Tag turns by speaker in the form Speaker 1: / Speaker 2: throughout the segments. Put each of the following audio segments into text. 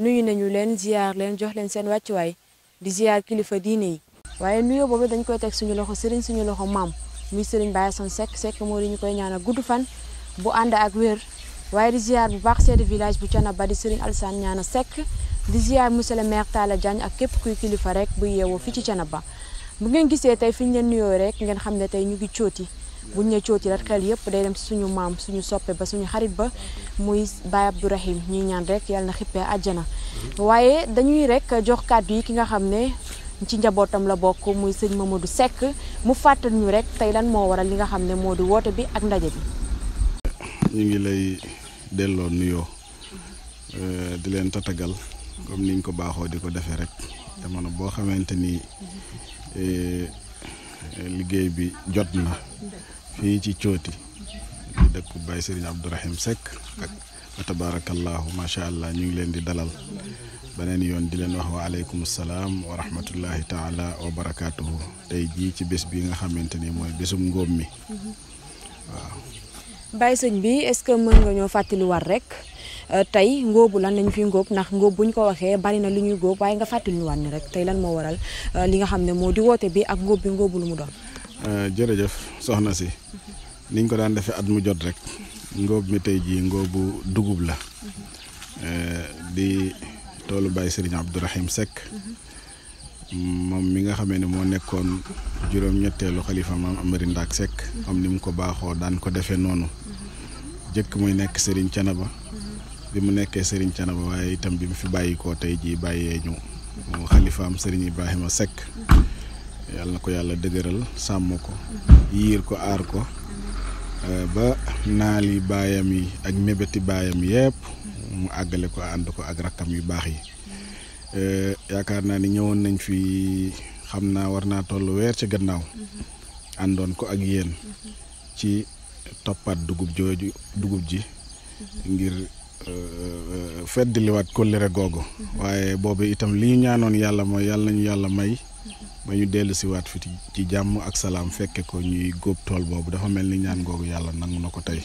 Speaker 1: nuyu nañu leen ziar leen jox leen seen wàcc wàccuwaay di ziar kilifa diine yi waaye nuyoo boobu dañ koy teg suñu loxo sëriñ suñu loxo maam muy sëriñ Baye Assane Seck moo di ñu koy ñaanal gudd fan bu ànd ak wér waaye di ziar bu baax chef village bu ba di sëriñ Alassane ñaana sekk di ziar monsieur le maire Talla Diagne ak képp kuy kilifa rek buy yeewoo fi ci cana ba bu ngeen gisee tey fi ñu leen nuyoo rek ngeen xam ne tey ñu ngi cooti buñ ne cooti rek xel yëpp day dem si suñu maam suñu soppe ba suñu xarit ba muy Baye Abdourahim ñuy ñaan rek yàlla na xippee àjjana waaye dañuy rek jox kàddu yi ki nga xam ne ci njabootam la bokk muy sëñ du sekk mu fàttal ñu rek tey lan moo waral li nga xam ne moo di woote bi ak ndaje bi.
Speaker 2: ñu ngi lay delloo nuyoo eh, di leen tatagal comme niñ ko baaxoo di ko defee rek jamono boo xamante ni eh, liggéey bi jot na fii ci cooti di dëkku Baye Serigne Abdourahim Seck ak wa tabaarakallaahu macha allah ñu ngi leen di dalal beneen yoon di leen wax wa aleykum salaam wa rahmatullahi taala wa barakaatuhu jii ci bés bi nga xamante ni mooy bésum ngóob mi
Speaker 1: waaw. Baye bi est-ce que mën nga ñoo fàttaliwaat rek euh, tey ngóobu lan lañu fi ngóob ndax ngóob buñ ko waxee bari na lu ñuy góob waaye nga fàttaliwaat ni rek tey lan moo waral euh, li nga xam ne moo di woote bi ak ngóob
Speaker 2: bi ngóobu lu mu doon. Eh, jërëjëf soxna si niñ ko daan defee at mu jot rek ngóob mi tey jii ngóobu dugub la eh, di toolu Baye Serigne Abdourahim Seck moom mi nga xamee ne moo nekkoon juróom-ñetteelu xalifa maam Amari Ndaak Seck am ni mu ko baaxoo daan ko defee noonu jëkk muy nekk sëriñ Canaba bi mu nekkee sëriñ Canaba waaye itam bi mu fi bàyyi ko tey jii bàyyee ñu xalifaam Serigne Ibrahima Seck. yàlla na ko yàlla dëgëral sàmm ko yiir ko aar ko eh, ba naal baayam yi ak mébéti baayam yépp mu àggale ko ànd ko ak rakkam yu baax yi eh, yaakaar naa ni ñëwoon nañ fi xam naa war naa toll weer ci gannaaw àndoon ko ak yéen ci toppaat dugub jooju dugub ji ngir eh, feddliwaat kóllëre googu waaye boobu itam li ñu ñaanoon yàlla mooy yàlla nañu yàlla may ba ñu dellu si waat fi ci jàmm ak salaam fekke ko ñuy góob tool boobu dafa mel ni ñaan googu yàlla nangu na ko tey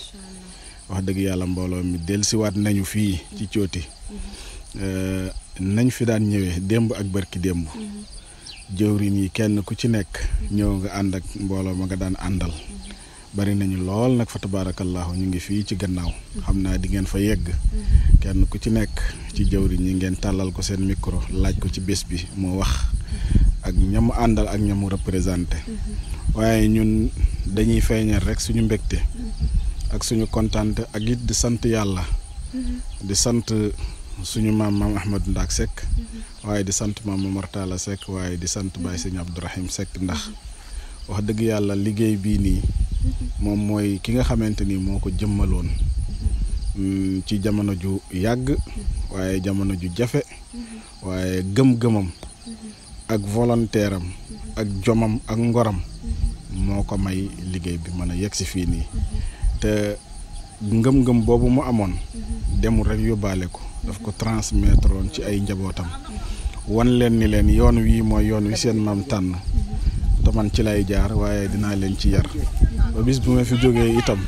Speaker 2: wax dëgg yàlla mbooloo mi dellu si waat nañu fii ci mm-hmm. cooti mm-hmm. Euh, nañ fi daan ñëwee démb ak bërki démb mm-hmm. jëwriñ yi kenn ku ci nekk ñëw nga ànd ak mbooloo ma nga daan àndal bari nañu lool nag fa tabaarakallaahu ñu ngi fii ci gannaaw xam naa di ngeen fa yegg kenn ku ci nekk ci jëwriñ yi ngeen tàllal ko seen micro laaj ko ci bés bi moo wax ak ñamu àndal ak ñamu représenté waaye ñun dañuy feeñal rek suñu mbekte ak suñu kontaante ak it di sant yàlla di sant suñu maam maam Ahmadou Ndaak Seck waaye di sant maam Momar Talla Seck waaye di sant Baye Sëñ Abdourahim ndax wax dëgg yàlla liggéey bii nii moom mooy ki nga xamante ni moo ko jëmmaloon mm, ci jamono ju yàgg waaye jamono ju jafe waaye gëm-gëmam ak volontaire ak jomam ak ngoram moo ko may liggéey bi mën a yegg si fii nii te ngëm-ngëm boobu mu amoon demul rek yóbbaale ko daf ko transmettre woon ci ay njabootam wan leen ni leen yoon wii mooy yoon wi seen maam tànn te man ci lay jaar waaye dinaa leen ci yar ba bis bu ma fi jógee itam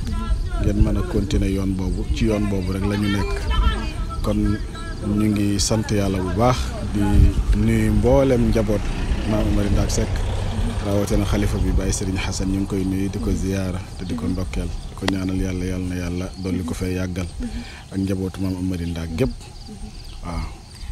Speaker 2: ngeen mën a continuer yoon boobu ci yoon boobu rek la ñu nekk kon ñu ngi sant yàlla bu baax di nuyu mboolem njaboot maam Omar Ndak Seck rawatina xalifa bi Baye Serigne Xasan ñu ngi koy nuyu di ko ziyaara te di ko ndokkeel ko ñaanal yàlla yàlla na yàlla dolli ko fee yàggal ak njabootu maam Omar Ndak gépp waaw.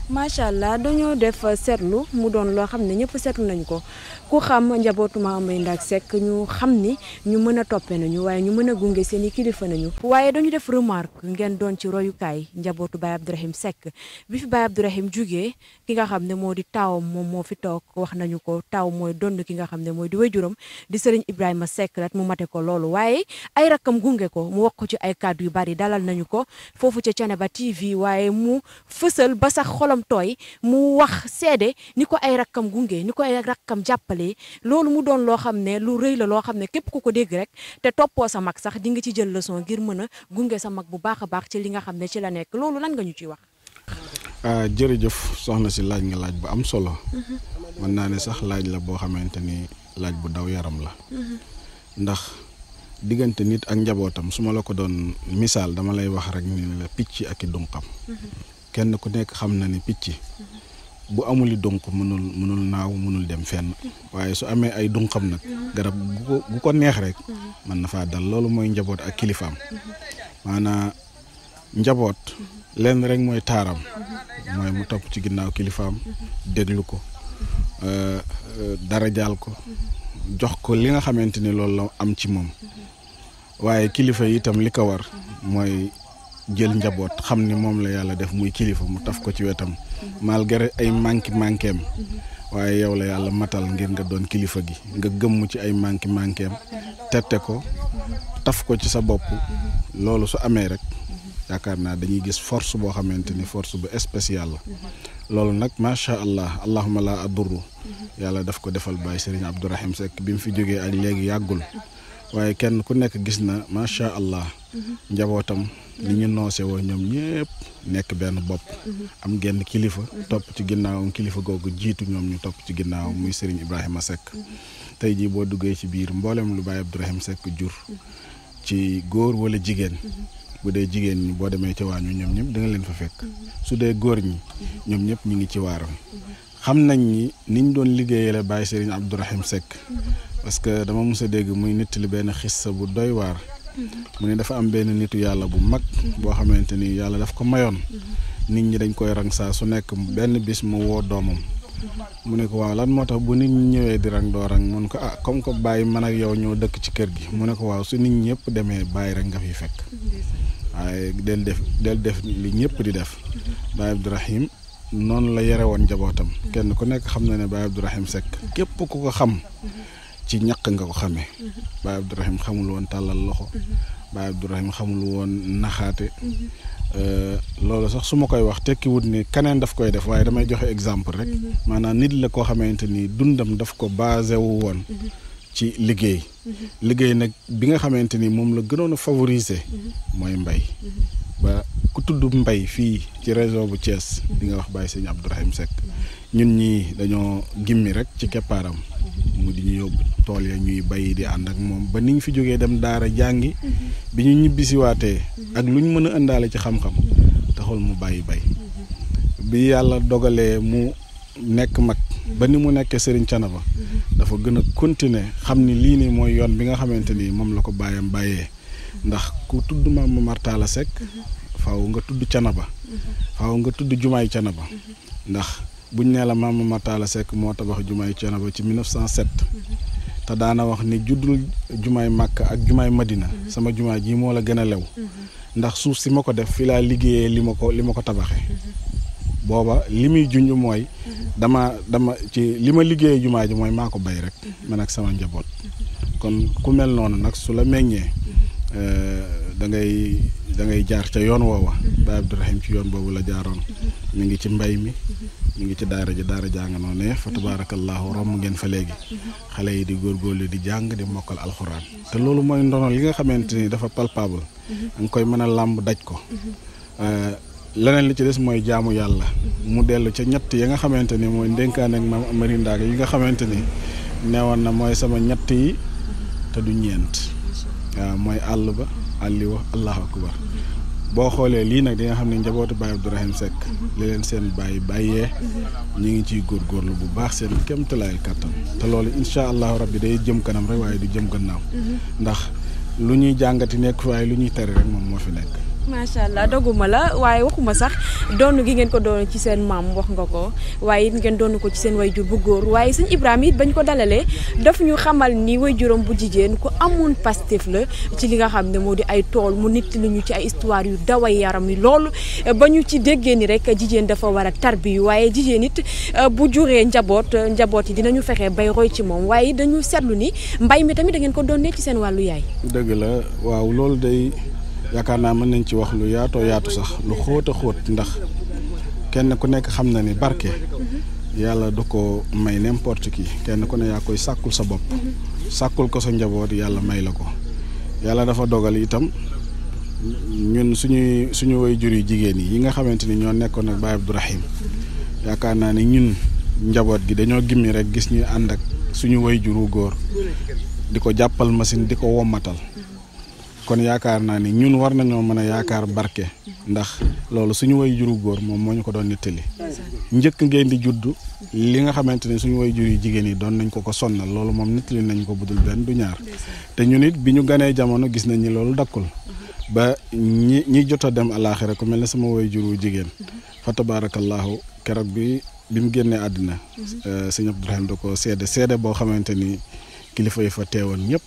Speaker 1: macha allah dañoo def seetlu mu doon loo xam ne ñëpp seetlu nañ ko ku xam njabootu Mame Mbaye Ndack Seck ñu xam ni ñu mën a toppee nañu waaye ñu mën a gunge seen i kilifa nañu. waaye dañu def remarque ngeen doon ci royukaay njabootu Baye Abdourahim sekk bi fi Baye Abdourahim jugee ki nga xam ne moo di taawam moom moo fi toog wax nañu ko taaw mooy donn ki nga xam ne mooy di waajuram di sëriñ Ibrahima sekk rat mu mate ko loolu waaye ay rakkam gunge ko mu wax ko ci ay kàddu yu bari dalal nañu ko foofu ca Thiénaba TV waaye mu fësal ba sax xolam tooy mu wax seede ni ko ay rakkam gunge ni jàppalee loolu mu doon loo xam ne lu rëy la loo xam ne képp ku ko dégg rek te toppoo sa mag sax di nga ci jël leçon ngir mën a gunge sa mag bu baax a baax ci li nga xam ne ci la nekk loolu lan nga ñu ciy wax.
Speaker 2: Ah, jërëjëf soxna si laaj nga laaj bu am solo.
Speaker 3: Mm-hmm. mën naa ne
Speaker 2: sax laaj la boo xamante ni laaj bu daw yaram la. Mm-hmm. ndax diggante nit ak njabootam su ma la ko doon misaal dama lay wax rek ni la picc ak i dunqam. Mm-hmm. kenn ku nekk xam na ni picc. bu amul i donc mënul mënul naaw mënul dem fenn waaye su amee ay dunqam nag garab gu ko neex rek mën na faa dal loolu mooy njaboot ak kilifaam maanaa njaboot lenn rek mooy taaram mooy mu topp ci ginnaaw kilifaam déglu ko euh, euh, dara jaal ko jox ko li nga xamante ni loolu la am ci moom waaye kilifa yi itam li ko war mooy jël njaboot xam ni moom la yàlla def muy kilifa mu taf ko ci wetam malgré ay manqué manqué am waaye yow la yàlla matal ngir nga doon kilifa gi nga gëmm ci ay manqué manqué am tette ko taf ko ci sa bopp loolu su amee rek yaakaar naa dañuy gis force boo xamante ni force bu spéciale la loolu nag macha allah allahuma la aduru yàlla def ko defal Baye Serigne Abdourahim Seck bi mu fi jógee ak léegi yàggul waaye kenn ku nekk gis na macha allah mhm. njabootam li mhm. ñu noose woo ñoom ñëpp nekk benn bopp mhm. am genn kilifa topp ci ginnaawam kilifa googu jiitu ñoom ñu topp ci ginnaawam muy Serigne Ibrahima Seck tey jii boo duggee ci biir mboolem lu Baye Abdourahim Seck jur ci góor wala jigéen bu dee jigéen ñi boo demee ci waañu ñoom ñëpp da leen fa fekk su dee góor ñi ñoom ñëpp ñu ngi ci waaram xam nañ ni ñu doon liggéeyale Baye Serigne Abdourahim Seck parce que dama mës a dégg muy nettali benn xissa bu doy waar. Mhm. mu ne dafa am benn nitu yàlla bu mag. Mhm. boo xamante ni yàlla daf ko mayoon. Mhm. nit ñi dañ koy rang saa su nekk benn bis mu woo doomam. mu ne ko waaw lan moo tax bu nit ñi ñëwee di rang doo rang mu ko ah comme que bàyyi man ak yow ñoo dëkk ci kër gi mu ne ko waaw su nit ñi ñëpp demee bàyyi rek nga fiy fekk. waaye del def del def li ñëpp di def. Baye Abdourahim noonu la yore woon njabootam. kenn ku nekk xam na ne Baye Abdourahim Seck képp ku xam. ci ñaq nga ko xamee mhm. Baye Abdourahim xamul woon tàllal loxo mhm. Baye Abdourahim xamul woon naxaate mhm. euh, loolu sax su ma koy wax tekki wut ni daf koy def waaye damay joxe exemple rek maanaam nit la koo xamante ni dundam daf ko basé wu woon ci liggéey liggéey nag bi nga xamante ni moom la gënoon a favoriser mooy mbay ba ku tudd mbay fii ci région bu cees di nga wax Baye Sëñ Abdourahim Seck ñun ñi dañoo gimmi rek ci keppaaram mu di ñu yóbbu tool ya ñuy bay di ànd ak moom ba ni ñu fi jógee dem daara jàngi bi ñu ñibbisiwaatee ak lu ñu mën a indaale ci xam-xam taxul mu bàyyi bay bi yàlla dogalee mu nekk mag ba ni mu nekkee Serigne Thiénaba dafa gën a continuer xam ni lii nii mooy yoon bi nga xamante ni moom la ko bàyyam bàyyee ndax ku tudd Mame Momar Talla Seck faaw nga tudd Thiénaba faaw nga tudd jumaay Thiénaba ndax buñ nee la maam Momar Talla sekk moo tabax jumaay Thiénaba ci 1907 mhm. te daana wax ni juddul jumaay Màkka ak jumaay Madina mhm. sama jumaa ji moo la gën a lew mhm. ndax suuf si ma ko def fi laa liggéeyee li ma ko li ma ko tabaxee booba li muy junj mooy dama dama ci li ma liggéeyee jumaa ji mooy maa ko bay rek man ak sama njaboot kon ku mel noonu nag su la meññee euh, da ngay da jaar ca yoon woowa Baye Abdourahim ci yoon boobu la jaaroon mu ngi ci mbay mi ñu ngi ci daara ji daara jaa nga noonu ne fa tabaarakallaahu ngeen fa léegi xale yi di góorgóorlu di jàng mokkal alxuraan loolu mooy ndono li nga xamante ni dafa palpable nga koy mën a làmb daj ko leneen li ci des mooy jaamu yàlla mu dellu ca ñett yi nga xamante ni mooy ndénkaan ak maam Amari Ndaag yi nga xamante ni neewoon na mooy sama ñett yi te du ñeent waaw mooy àll ba àlli wa allahu akbar boo xoolee lii nag di nga xam ne njabootu Baye Abdourahim Seck li leen seen bàyyi bàyyee ñu ngi ciy góor góorgóorlu bu baax seen kéemtalaay kàttan te loolu incha allahu rabbi day jëm kanam rek waaye di jëm gannaaw mhm. ndax lu ñuy jàngati nekk waaye lu ñuy tere rek moom moo
Speaker 4: fi nekk
Speaker 1: macha allah doguma la waaye waxuma sax doonu gi ngeen ko doon ci seen maam wax nga ko waaye it ngeen doonu ko ci seen wayjur bu góor waaye sëñ Ibrahima it bañ ko dalalee daf ñu xamal ni wayjuram bu jigéen ku amoon Pastef la ci li nga xam ne moo di ay tool mu nit li ñu ci ay histoire yu daway yaram yi loolu ba ñu ci déggee ni rek jigéen dafa war a tarbi waaye jigéen it euh, bu juree njaboot njaboot yi dinañu fexe bay roy ci moom waaye dañu seetlu ni mbay mi tamit da ngeen ko doonee ci seen wàllu yaay.
Speaker 2: dëgg la waaw loolu day. yaakaar naa mën nañ ci wax lu yaatoo yaatu sax lu xóot a xóot ndax kenn ku nekk xam na ni barke yàlla du ko may n'importe qui kenn ku ne yaa koy sàkkul sa bopp sàkkul ko sa njaboot yàlla may la ko yàlla dafa dogal itam ñun suñuy suñu woy jur yu jigéen yi yi nga xamante ni ñoo nekkoon ak Baye raxiim yaakaar naa ni ñun njaboot gi dañoo gimmi rek gis ñuy ànd ak suñu woy juru góor di ko jàppal machine di ko wommatal kon yaakaar naa ni ñun war nañoo mën a yaakaar barke ndax loolu suñu woy juru góor moom moo ñu ko doon nettali njëkk ngeen di juddu li nga xamante ne suñu woy jur yu jigéen yi doon nañ ko ko sonnal loolu moom nettali nañ ko budul benn du ñaar te ñun it bi ñu ganee jamono gis nañ ni loolu dakkul ba ñi ñi jot dem alaaxira ku mel ne sama woy juru jigéen fa tabaarakallaahu keroog bi bi mu génnee àddina mhm. eh, sëñ Abdourahim da ko seede seede boo xamante ni kilifa yi fa teewoon ñëpp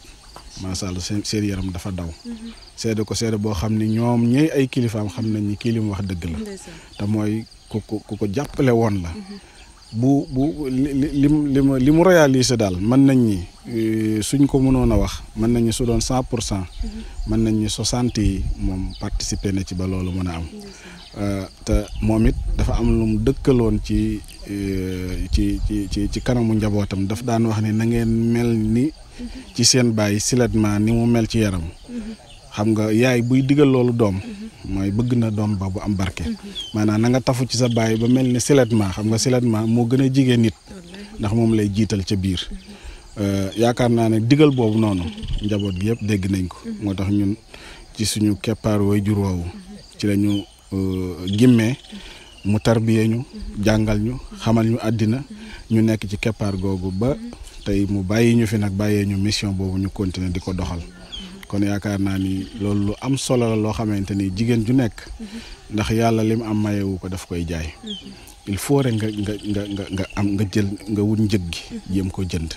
Speaker 2: macha allah seen yaram dafa daw. seede ko seede boo xam ni ñoom ñooy ay kilifaam xam nañ ni kii li mu wax dëgg la. te mooy ku ko ku ko jàppale woon la. bu bu li li li mu réalisé daal mën nañ ni euh, suñ ko mënoon a wax mën nañ ni su doon cent pour cent. mën nañ ni soixante yi moom participer na ci ba loolu mën a am. Euh, te moom it dafa am lu mu dëkkaloon euh, ci ci ci ci kanamu njabootam daf daan wax ni na ngeen mel ni. ci seen bàyyi silatement ni mu mel ci yaram xam nga yaay buy digal loolu doom mooy bëgg na doom ba bu am barke maanaam na nga tafu ci sa bàyyi ba mel ni silatement xam nga silatement moo gën a jigéen nit ndax moom lay jiital ca biir euh, yaakaar naa ne digal boobu noonu njaboot gi yëpp dégg nañ ko moo tax ñun ci suñu keppaar way jur woowu ci lañu ñu euh, gimmee mu tarbiyee ñu jàngal ñu xamal ñu àddina ñu nekk ci keppaar googu ba tey mu bàyyi ñu fi nag bàyyee ñu mission boobu ñu continuer di ko doxal kon yaakaar naa ni loolu lu am solo la loo xamante ni jigéen ju nekk ndax yàlla lim am mayewu ko daf koy jaay il faut rek nga nga nga nga nga am nga jël nga wut njëg gi jéem ko jënd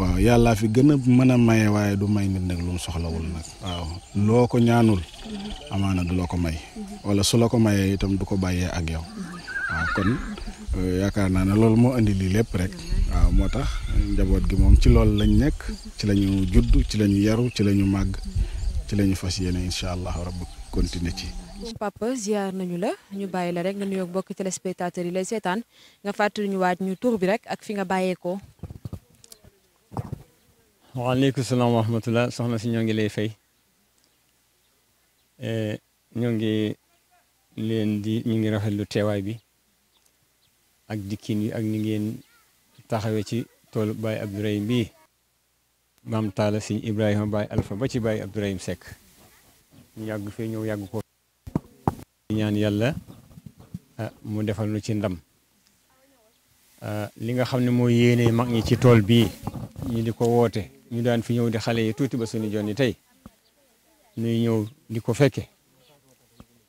Speaker 2: waaw yàllaa fi gën a mën a maye waaye du may nit nag lu mu soxlawul nag waaw loo ko ñaanul amaana du la ko may wala su la ko mayee itam du ko bàyyee ak yow waaw kon yaakaar naa ne loolu moo indi lii lépp rek waaw moo tax njaboot gi moom ci loolu lañ nekk ci la ñu judd ci lañu yaru ci la ñu màgg ci lañu ñu fas yéene incha allah rabbi continuer ci.
Speaker 1: moom nañu la ñu bàyyi la rek nga nuyoog bokk téléspectateurs yi lay seetaan nga fàttali ñu waaj ñu tur bi rek ak fi nga bàyyeekoo.
Speaker 5: waaleykum salaam wa soxna si ñoo ngi lay fay eh, ñoo ngi leen di ñu ngi rafetlu teewaay bi. ak dikkin yi ak ni ngeen taxawee ci toolu baay Abdourahim bii maam Talla Sëñ Ibrahima baay Alpha ba ci Baye Abdourahim Seck ñu yàgg fee ñëw yàgg ko ñaan yàlla ah, mu defal nu ci ndam ah, li nga xam ne mooy yéene mag ñi ci tool bi ñu di ko woote ñu daan fi ñëw di xale yi tuuti ba suñu jonni tey ñuy ñëw di ko fekke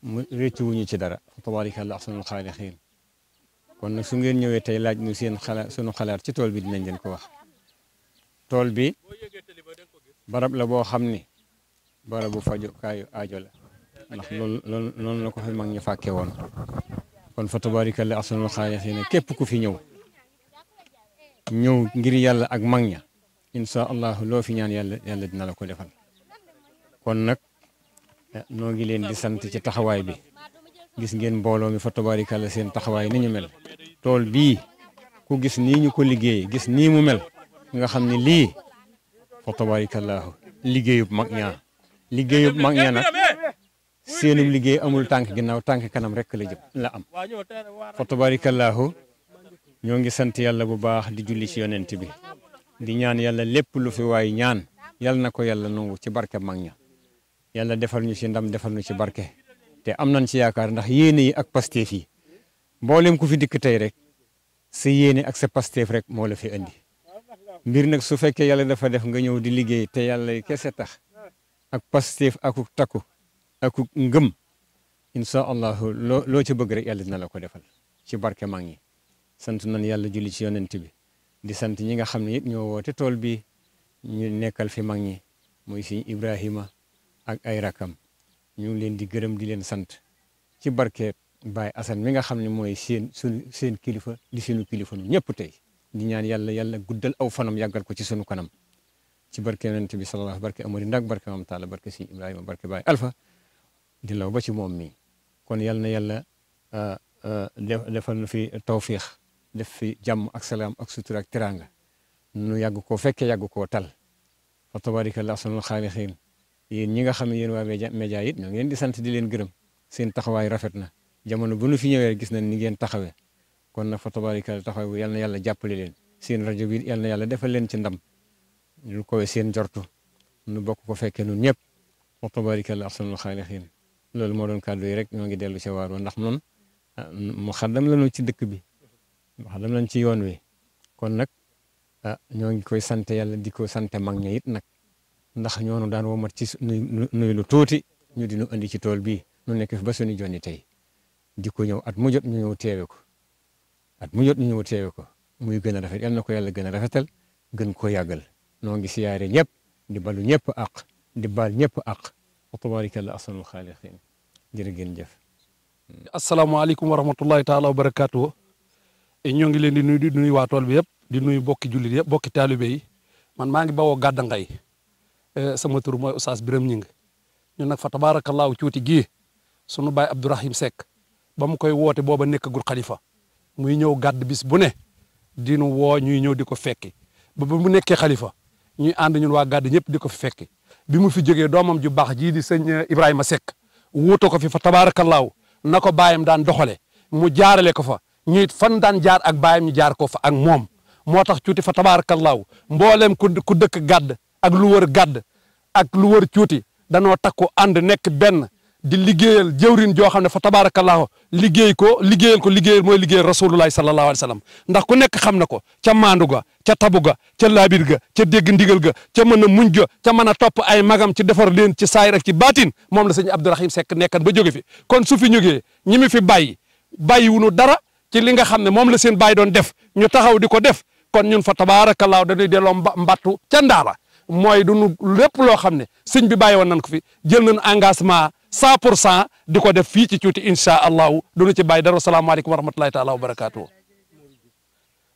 Speaker 5: mu réccu ci dara fa tabaaraka llaahu ahsanul xaaliqiin kon nag su ngeen ñëwee tey laaj nu seen xalaat sunu xalaat ci tool bi dinañ leen ko wax tool bi barab la boo xam ni barabu fajukaayu ajo la ndax loolu loolu noonu la ko fi mag ñu fàkke woon kon fa tabarikalla ahsanul xaalixiina képp ku fi ñëw ñëw ngir yàlla ak mag ña incha allahu loo fi ñaan yàlla yàlla dina la ko defal kon nag eh, noo ngi leen di sant ci taxawaay bi gis ngeen mbooloo mi fa tabaarikàlla seen taxawaay ni ñu mel tool bii ku gis nii ñu ko liggéey gis nii mu mel nga xam ne lii fa tabaarikàllaahu liggéeyub mag ñaa liggéeyub mag ñaa nag seenum liggéey amul tànk ginnaaw tànk kanam rekk la jëm la am fa ñoo ngi sant yàlla bu baax di julli ci yonent bi di ñaan yàlla lépp lu fi waay ñaan yàlla na ko yàlla nangu ci barke mag ña yàlla defal ñu ci ndam defal ñu ci barke am nañ ci yaakaar ndax yéene yi ak pasteef yi mboolem ku fi dikk tey rek sa yéene ak sa pasteef rek moo la fi indi mbir nag su fekkee yàlla dafa def nga ñëw di liggéey te yàlla kese tax ak pasteef akuk takku akuk ngëm incha allahu loo loo ci bëgg rek yàlla dina la ko defal ci barke maa ngi sant nañ yàlla julli ci yonent bi di sant ñi nga xam ne ñoo woote tool bi ñu nekkal fi mag ñi muy si Ibrahima ak ay rakam ñu ngi leen di gërëm di leen sant ci barke Baye Assane mi nga xam ne mooy seen sunu seen kilifa di sunu kilifa nu ñëpp tey di ñaan yàlla yàlla guddal aw fanam yàggal ko ci sunu kanam ci barke yonent bi sallallahu barke Amari Ndak barke Maam Taala barke si Ibrahima barke Baye Alpha di law ba ci moom mi kon yàlla na yàlla euh, euh, defal na fi tawfiix def fi jàmm ak salaam ak sutura ak teraanga nu yàgg koo fekkee yàgg koo tal fa tabarika la ahsanul yéen ñi nga xam ne yéen waa média it ñoo ngi leen di sant di leen gërëm seen taxawaay rafet na jamono bu nu fi ñëwee gis nañ ni ngeen taxawee kon nag fa tabarikal yal na yàlla jàppale leen seen rajo bi yal na yàlla defal leen ci ndam lu koy seen jortu nu bokk ko fekkee nun ñëpp fa tabarikal ahsanul xaalixiin loolu moo doon kàddu yi rek ñoo ngi dellu ci waar ndax noonu ah, mu xaddam lañu ci dëkk bi mu xaddam lañu ci yoon wi kon nag ah, ñoo ngi koy sant yàlla di ko sant mag ña it nag ndax ñoonu daan mat ci nuy lu tuuti ñu di nu andi ci tool bii nu nekk fi ba suñu jonni tey di ko ñëw at mu jot ñu ñëw teewe ko at mu jot ñu ñëw teewe ko muy gën a rafet yal na ko yàlla gën a rafetel gën koo yàggal noo ngi siyaare ñëpp di balu ñëpp àq di baal ñëpp ak wa tabaarikalla ahsanul xaaliqiin jërë ngeen jëf.
Speaker 6: asalaamaaleykum wa rahmatullahi taala wa barakaatu ñoo ngi leen di nuyu di nuyu waa tool bi yëpp di nuyu bokki jullit yëpp bokki taalibe yi man maa ngi bawoo gàdda ngay Eh, sama tur mooy Oustaz biram Gningue ñun nag fa tabaarakallaahu cuuti gii sunu baay Abdourahim sekk ba mu koy woote booba nekkagul xalifa muy ñëw gàdd bis bu ne di nu woo ñuy ñëw di ko fekki ba ba mu nekkee xalifa ñuy ànd waa gàdd ñëpp di ko fi fekki bi mu fi jógee doomam ju baax jii di sëñ eh, Ibrahima sekk wuute ko fi fa tabaarakallaahu na ko baayam daan doxale mu jaarale ko fa ñuy fan daan jaar ak baayam ñu jaar ko fa ak moom moo tax cuuti fa tabaarakallaahu mboolem ku ku dëkk gàdd ak lu wër gàdd ak lu wër cuuti danoo takku ànd nekk benn di liggéeyal jëwrin joo xam ne fa tabaarakallaahu liggéey ko liggéeyal ko liggéeyal mooy liggéeyal rasulullahi sallallahu alayhi wa sallam ndax ku nekk xam na ko ca maandu ga ca tabu ga ca laabir ga ca dégg ndigal ga ca mën a muñ ga ca mën a topp ay magam ci defar leen ci saayir ak ci baatin moom la sëñ Abdourahim Seck nekkan ba jóge fi kon su fi ñugee ñi mi fi bàyyi bàyyi wunu dara ci li nga xam ne moom la seen bàyyi doon def ñu taxaw di ko def kon ñun fa tabaarakallaahu dañuy delloo mbattu ca ndaala mooy dunu lépp loo xam ne sëñ bi bàyyi woon nañ ko fi jël nañ engagement cent pour cent di ko def fii ci cuuti incha allahu dunu ci bàyyi dara salaamaaleykum wa rahmatulahi taala wa barakaatu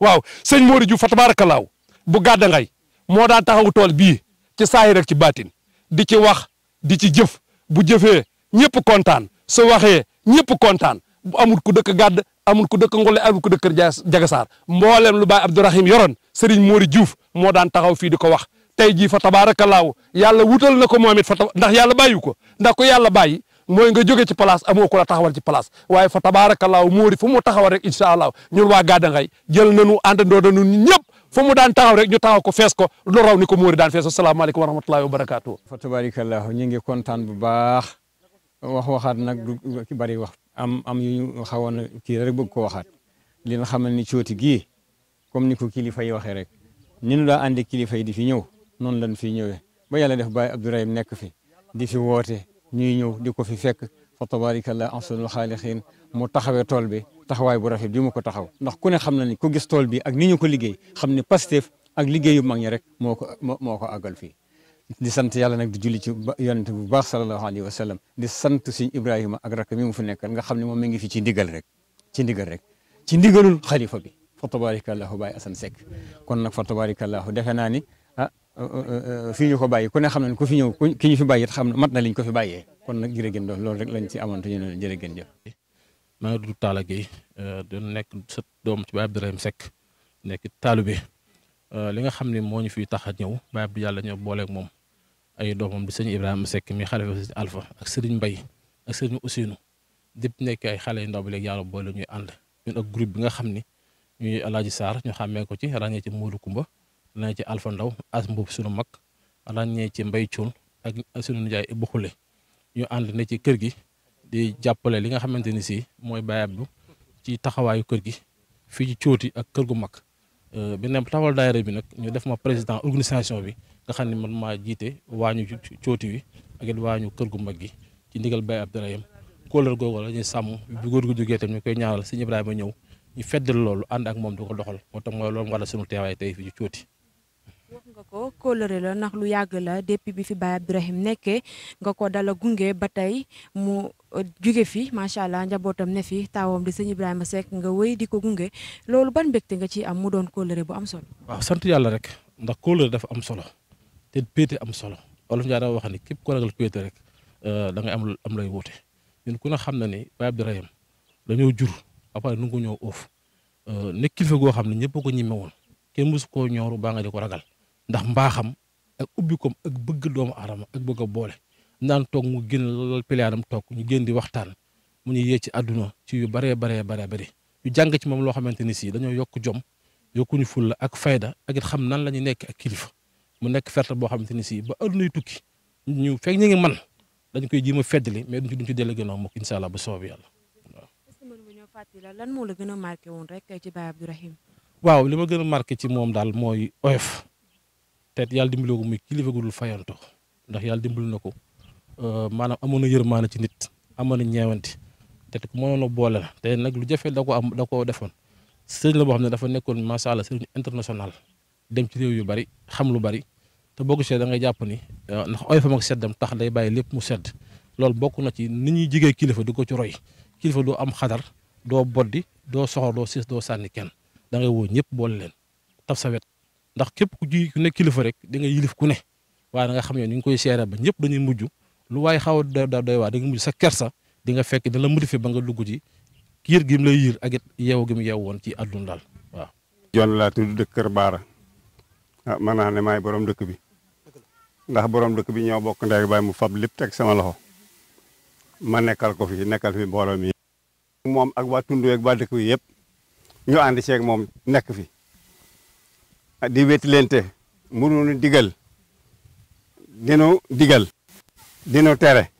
Speaker 6: waaw sëñ Mori Diouf fa tabaarakalaaw bu gàdd ngay moo daan taxaw tool bii ci saa yi rek ci baatin di ci wax di ci jëf bu jëfee ñëpp kontaan su waxee ñëpp kontaan bu amul ku dëkk gàdd amul ku dëkk Ngole amul ku dëkk Jagasaar mboolem lu baay Abdourahim yoroon Serigne Mori Diouf moo daan taxaw fii di ko wax tey jii fa tabaarakallaahu yàlla wutal na ko moom it fa ndax yàlla bàyyi ko ndax ko bàyyi mooy nga jóge ci place amoo ko la taxawal ci place waaye fa tabaarakallaahu moori fu mu taxawal rek incha allah ñun waa Gadangay jël nañu àndandoo nañu ñëpp fu mu daan taxaw rek ñu taxaw ko fees ko lu raw ni ko moori daan fees
Speaker 5: asalaamaaleykum wa rahmatulahi wa barakaatu. fa tabaarakallaahu ñu ngi kontaan bu baax wax waxaat nag du bari wax am am yu ñu kii rek bëgg ko waxaat li xamal ni cooti gii comme ni ko kilifa yi waxee rek ni ñu daa àndi kilifa yi di fi ñëw noonu lañ fi ñëwee ba yàlla def Baye Abdourahim nekk fi di fi woote ñuy ñëw di ko fi fekk fa tabaarakallah ahsanul xaalixiin mu taxawee tool bi taxawaay bu rafet bi mu ko taxaw ndax ku ne xam na ni ku gis tool bi ak ni ñu ko liggéey xam ne Pastef ak liggéeyu mag ñi rek moo ko moo ko àggal fii di sant yàlla nag di julli ci yonent bu baax sallallahu alayhi wa sallam di sant suñ Ibrahima ak rakk mi mu fi nekkal nga xam ne moom mi ngi fi ci ndigal rek ci ndigal re ci ndigalul xalifa bi fa tabaarakallahu Baye Assane Seck kon nag fa naa ni Euh, euh, fii ñu ko bàyyi ku ne xam nañ ku fi ñëw ki ñu bàyyi xam na mat na liñ ko fi bàyyee kon nag jërë ngeen doon loolu rek lañ ci amoon te ñu ne jërë ngeen jëf.
Speaker 4: maa ngi tudd Talla euh, nekk sa doom ci Baye Abdourahim Seck nekk taalibe li nga xam ne moo ñu fiy tax a ñëw Baye Abdou yàlla ñëw booleeg moom ay doomam di sëñ Ibrahima Seck mi xalifa si alfa ak Serigne Mbaye ak Serigne Ousseynou dépp nekk ay xale yu ndaw bi léegi yàlla boole ñuy ànd ñun ak groupe bi nga xam ni ñuy Alaaji Sarr ñu xàmmee ko ci ràññee ci Modou Kumba dana ci Alpha Ndaw as mbuub sunu mag daan ñëwee ci mbay cuun ak sunu nijaay Ibou Khoule ñu ànd ne ci kër gi di jàppale li nga xamante ni si mooy Baye Abdou ci taxawaayu kër gi fii ci cooti ak kër gu mag euh, bi ne tawal bi nag ñu def ma président organisation bi nga xam ne man maa jiite waañu cooti wi ak it waañu kër gu mag gi ci ndigal Baye Abdourahim kóolal googu la ñuy sàmm bu góor gu jógee tam ñu koy ñaanal sëñ Ibrahima ñëw ñu feddal loolu ànd ak moom di ko doxal moo tax mooy loolu nga la sunu teewaay tey fii ci cooti
Speaker 1: wax nga ko kóllëre la ndax lu yàgg la depuis bi fi Baye Abdourahim nekkee nga ko dala gunge ba tey mu euh, jóge fi macha allah njabootam ne fi taawam di sëñ Ibrahima seek nga wéy di ko gunge loolu ban mbégte nga ci am mu doon kóllëre bu am solo.
Speaker 4: waaw sant yàlla rek ndax kóllëre dafa am solo te péete am solo olof Ndiaye dafa wax ni képp ko ragal péete rek euh, da ngay am am lay woote ñun ku xam na ni Baye Abdourahim dañoo jur après nu nga ko ñëw oof goo xam ne ñëpp ko ñime woon kenn mësu koo ñooru baa nga di ko ragal ndax mbaaxam ak ubbi koom ak bëgg doomu aadama ak bëgg a boole naan toog mu génn lool pilaaram toog ñu génn di waxtaan mu ñu yee ci àdduna ci yu baree bare baree bëri yu jàng ci moom loo xamante ni sii dañoo yokk jom yokkuñu fulla ak fayda ak it xam nan la ñu nekk ak kilifa mu nekk ferte boo xamante ni si ba àdduna yu tukki ñu fekk ñu ngi man dañ koy jéem a feddali mais duñ ci duñ ci dellu gannaaw moom incha allah ba soobee yàlla.
Speaker 1: a marqué woon rek ci
Speaker 4: waaw li ma gën a marqué ci moom daal mooy oyof te yàlla dimbaloo ko muy kilifa gu dul fayanto ndax yàlla dimbalu na ko euh, maanaam amoon na yërmaana ci nit amoon na ñeewanti te ku mënoon a boole la te nag lu jafe da ko am da koo defoon sëriñ la boo xam ne dafa nekkoon macha allah sëriñ international dem ci réew yu bari xam lu bari te boo gisee da ngay jàpp ni euh, ndax oyofam ak seddam tax day bàyyi lépp mu sedd loolu bokk na ci ni ñuy jigee kilifa di ko ci roy kilifa doo am xadar doo boddi doo soxor doo siis doo sànni kenn da ngay woo ñëpp boole leen taf sa wet ndax képp ku ji ku ne kilifa rek di nga yilif ku ne waaye da nga xam ne ni nga koy seere ba ñëpp dañuy mujj lu waaye xaw a da doy waa da nga mujj sa kersa di nga fekk dina la modifié ba nga dugg ci kiir gi mu lay yiir ak it yeewu gi mu yeew woon ci àdduna daal waaw.
Speaker 7: Jon laa tudd dëkk Kër Baara ah mën naa ne maay borom dëkk bi ndax borom dëkk bi ñoo bokk ndey baay mu fab lépp teg sama loxo ma nekkal ko fi nekkal fi mbooloo mi. moom ak waa tund ak waa dëkk bi yëpp ñu ànd ceeg moom nekk fi. Ah, di wétlente mënuñu digal dinu digal dinu tere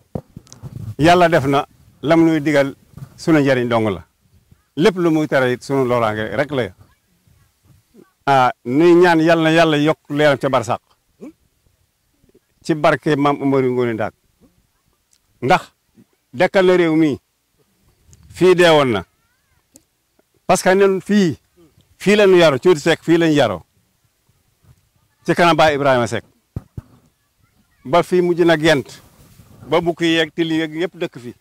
Speaker 7: yàlla def na lam nuy digal sunu njëriñ dong la lépp lu muy tere it sunu loraange rek la ah nuy ñaan yàlla na yàlla yokk leeram ca barsàq ci barke mam Amari Ngoone Ndaat ndax dekkal na réew mi fii deewoon na parce que nen fii fii la ñu yaroo cuuti sek fii la ñu yaroo ci kanam Baye Ibrahima Seck ba fii mujj na gent ba bukk yeg tili yeeg yëpp dëkk fi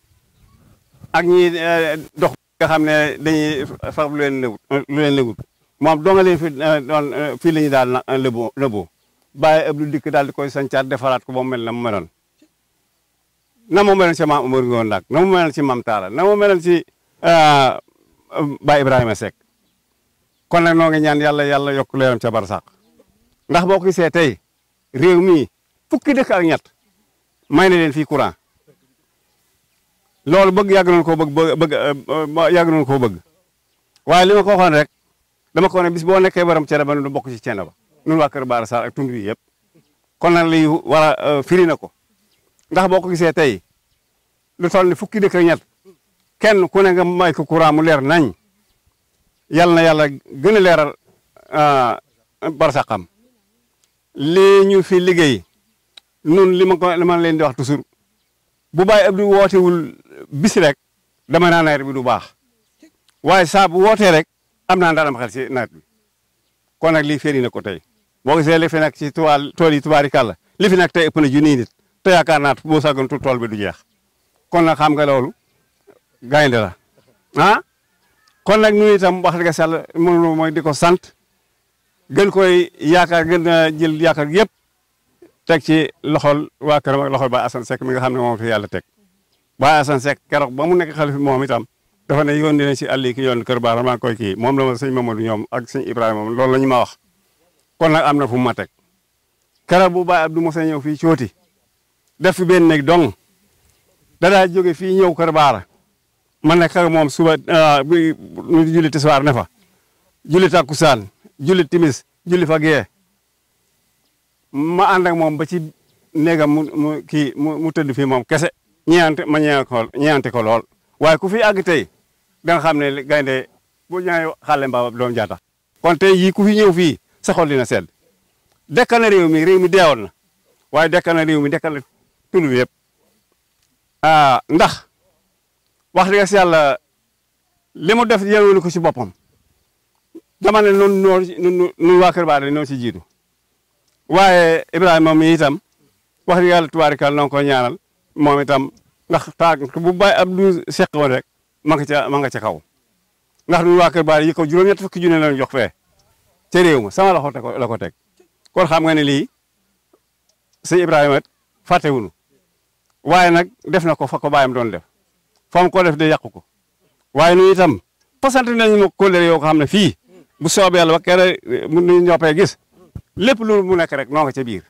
Speaker 7: ak ñi eh, dox nga xam ne dañuy far lu leen lëwut moom doo nga leen fi eh, doon eh, fii la ñu daal lëboo lëboo bàyyi dikk daal di koy sancaat defaraat ko ba mel na mu meloon na mu meloon si maam Omar Ngoon Ndak na mu meloon si maam Taala na mu meloon si Baye Ibrahima kon nag noo ngi ñaan yàlla yàlla yokk leeram ca barsàq ndax boo ko gisee tey réew mi fukki dëkk ak ñett may na leen fii courant loolu bëgg yàgg nañu koo bëgg euh, yàgg nañu koo bëgg waaye li ma ko waxoon rek dama ko ne bis boo nekkee borom cere ba nu bokk ci cene ba nun waa Kër Baara tund wi yëpp kon nag lii war a euh, firi ko ndax boo ko gisee tey lu toll ni fukki dëkk ak ñett kenn ku ne may ko courant mu leer nañ yal na yàlla gën a leeral euh, barsaqam lii ñu fi liggéey nun li ma ko li ma leen di wax toujours bu Baye Abdou wootewul bis rek dama naa nawet bi du baax waaye saa bu wootee rek am naa daanam xel ci nawet bi kon nag lii féeri na ko tey boo gisee li fi nag ci tool tool yi tubaarikàlla li fi nag tey ëpp na junniy te yaakaar naa boo sàggoon tool bi du jeex kon nag xam nga loolu gaynde la ah kon nag ñun itam wax dëgg sàll moom mooy di ko sant gën koy yaakaar gën a jël yaakaar yëpp teg ci loxol waa këram ak loxol ba Assane Seck mi nga xam ne moom fi yàlla teg Baye Assane Seck keroog ba mu nekk xalifa moom itam dafa yoon yónni nañ si àll yi ki yoon kër Baara maa ngi koy kii moom la ma sëñ Mamadou ñoom ak sëñ Ibrahima la ñu ma wax kon nag am na fu mu ma teg keroog bu Baye Abdou Moussa ñëw fii cooti def fi benn nekk dong dadaa jóge fii ñëw kër Baara ma nekk ak moom suba euh, bi ñu julli tisbaar ne fa julli julli timis julli fa gee ma ànd moom ba ci néegam mu mu kii mu mu tëdd fii moom kese ñeante ma ñeante ko lool waaye ku fi àgg tey da xam ne gaynde bu ñaay xale mbaam doom jaata kon tey yii ku fi ñëw fii sa xol dina sedd dekkal na réew mi réew mi deewoon na waaye dekkal na réew mi dekkal na tund bi yëpp ah, ndax wax dëgg yàlla li mu def yéen ko ci boppam. dama ne noonu noo noonu noonu waa Kër Baale noo ci jiitu waaye Ibrahima mi itam wax dëgg yàlla tubaarikal noo ko ñaanal moom itam ndax taag bu bàyyi ab lu seq woon rek ma nga ca ma nga ca kaw. ndax ñun waa Kër Baale yi ko juróom-ñett fukki junne lañ jox fee ca réew ma sama loxo la ko teg kon xam nga ne lii sëñ Ibrahima fàttewunu waaye nag def na ko fa ko bàyyam doon def fa mu ko def de yàqu ko waaye ñun itam fasante nañu ma kóllëre yoo ko xam ne fii. bu soobee yàlla ba kere mu nu ñoppee gis lépp lu mu nekk rek noo nga ca biir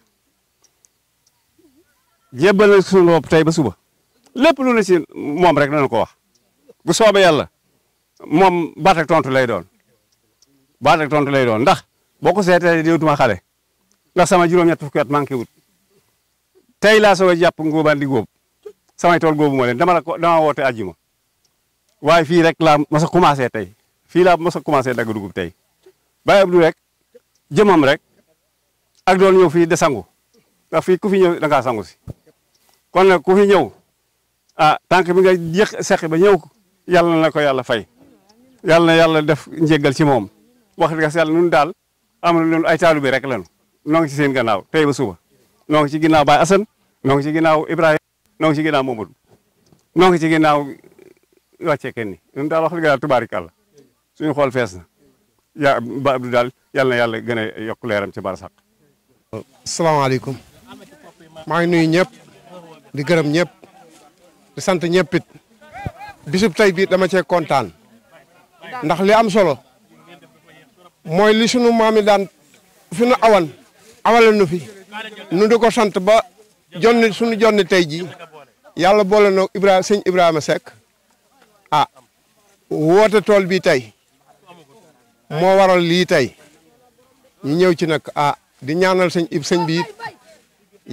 Speaker 7: jébbal na suñu tey ba suba lépp lu ne ci moom rek nañu ko wax bu soobee yàlla moom baat ak tontu lay doon baat ak tontu lay doon ndax boo ko seetee diwutuma xale ndax sama juróom-ñett fukki at manqué wut tey laa soog a jàpp ngóobaan di góob samay tool góobu ma leen dama la ko dama woote àjjuma waaye fii rek laa mos a commencé tey fii laa mos a commencé dagg dugub tey Baye Abdou rek jëmam rek ak doon ñëw fii desangu sangu ndax fii ku fi ñëw da sangu si kon nag ku fi ñëw a ah, tànk bi nga yëq seq ba ñëw ko yàlla na ko yàlla fay yàlla na yàlla def njéggal ci moom wax dëgg yàlla nun daal am na ay taalu bi rek lañu noo ngi ci seen gannaaw tey ba suba noo ngi ci ginnaaw Baye Assane noo ngi ci ginnaaw Ibrahima noo ngi ci ginnaaw Momadou noo ngi ci ginnaaw wàccee kenn ni nun daal wax dëgg yàlla tubaarikàlla suñu xool fees na yaa ba Abdou daal yàlla na yàlla gën a yokk leeram ci barsàq.
Speaker 3: salaamaaleykum maa ngi nuyu ñëpp di gërëm ñëpp di sant ñëpp it tey bii dama cee kontaan ndax li am solo mooy li sunu maam yi daan fi nu awan awale nu fi nu di ko sant ba jon sunu jonni tey jii yàlla boole noo Ibrahima sëñ Ibrahima Seck ah woote tool bii tey. moo waral lii tey ñu ñëw ci nag ah, di ñaanal sëñ ib sëñ bi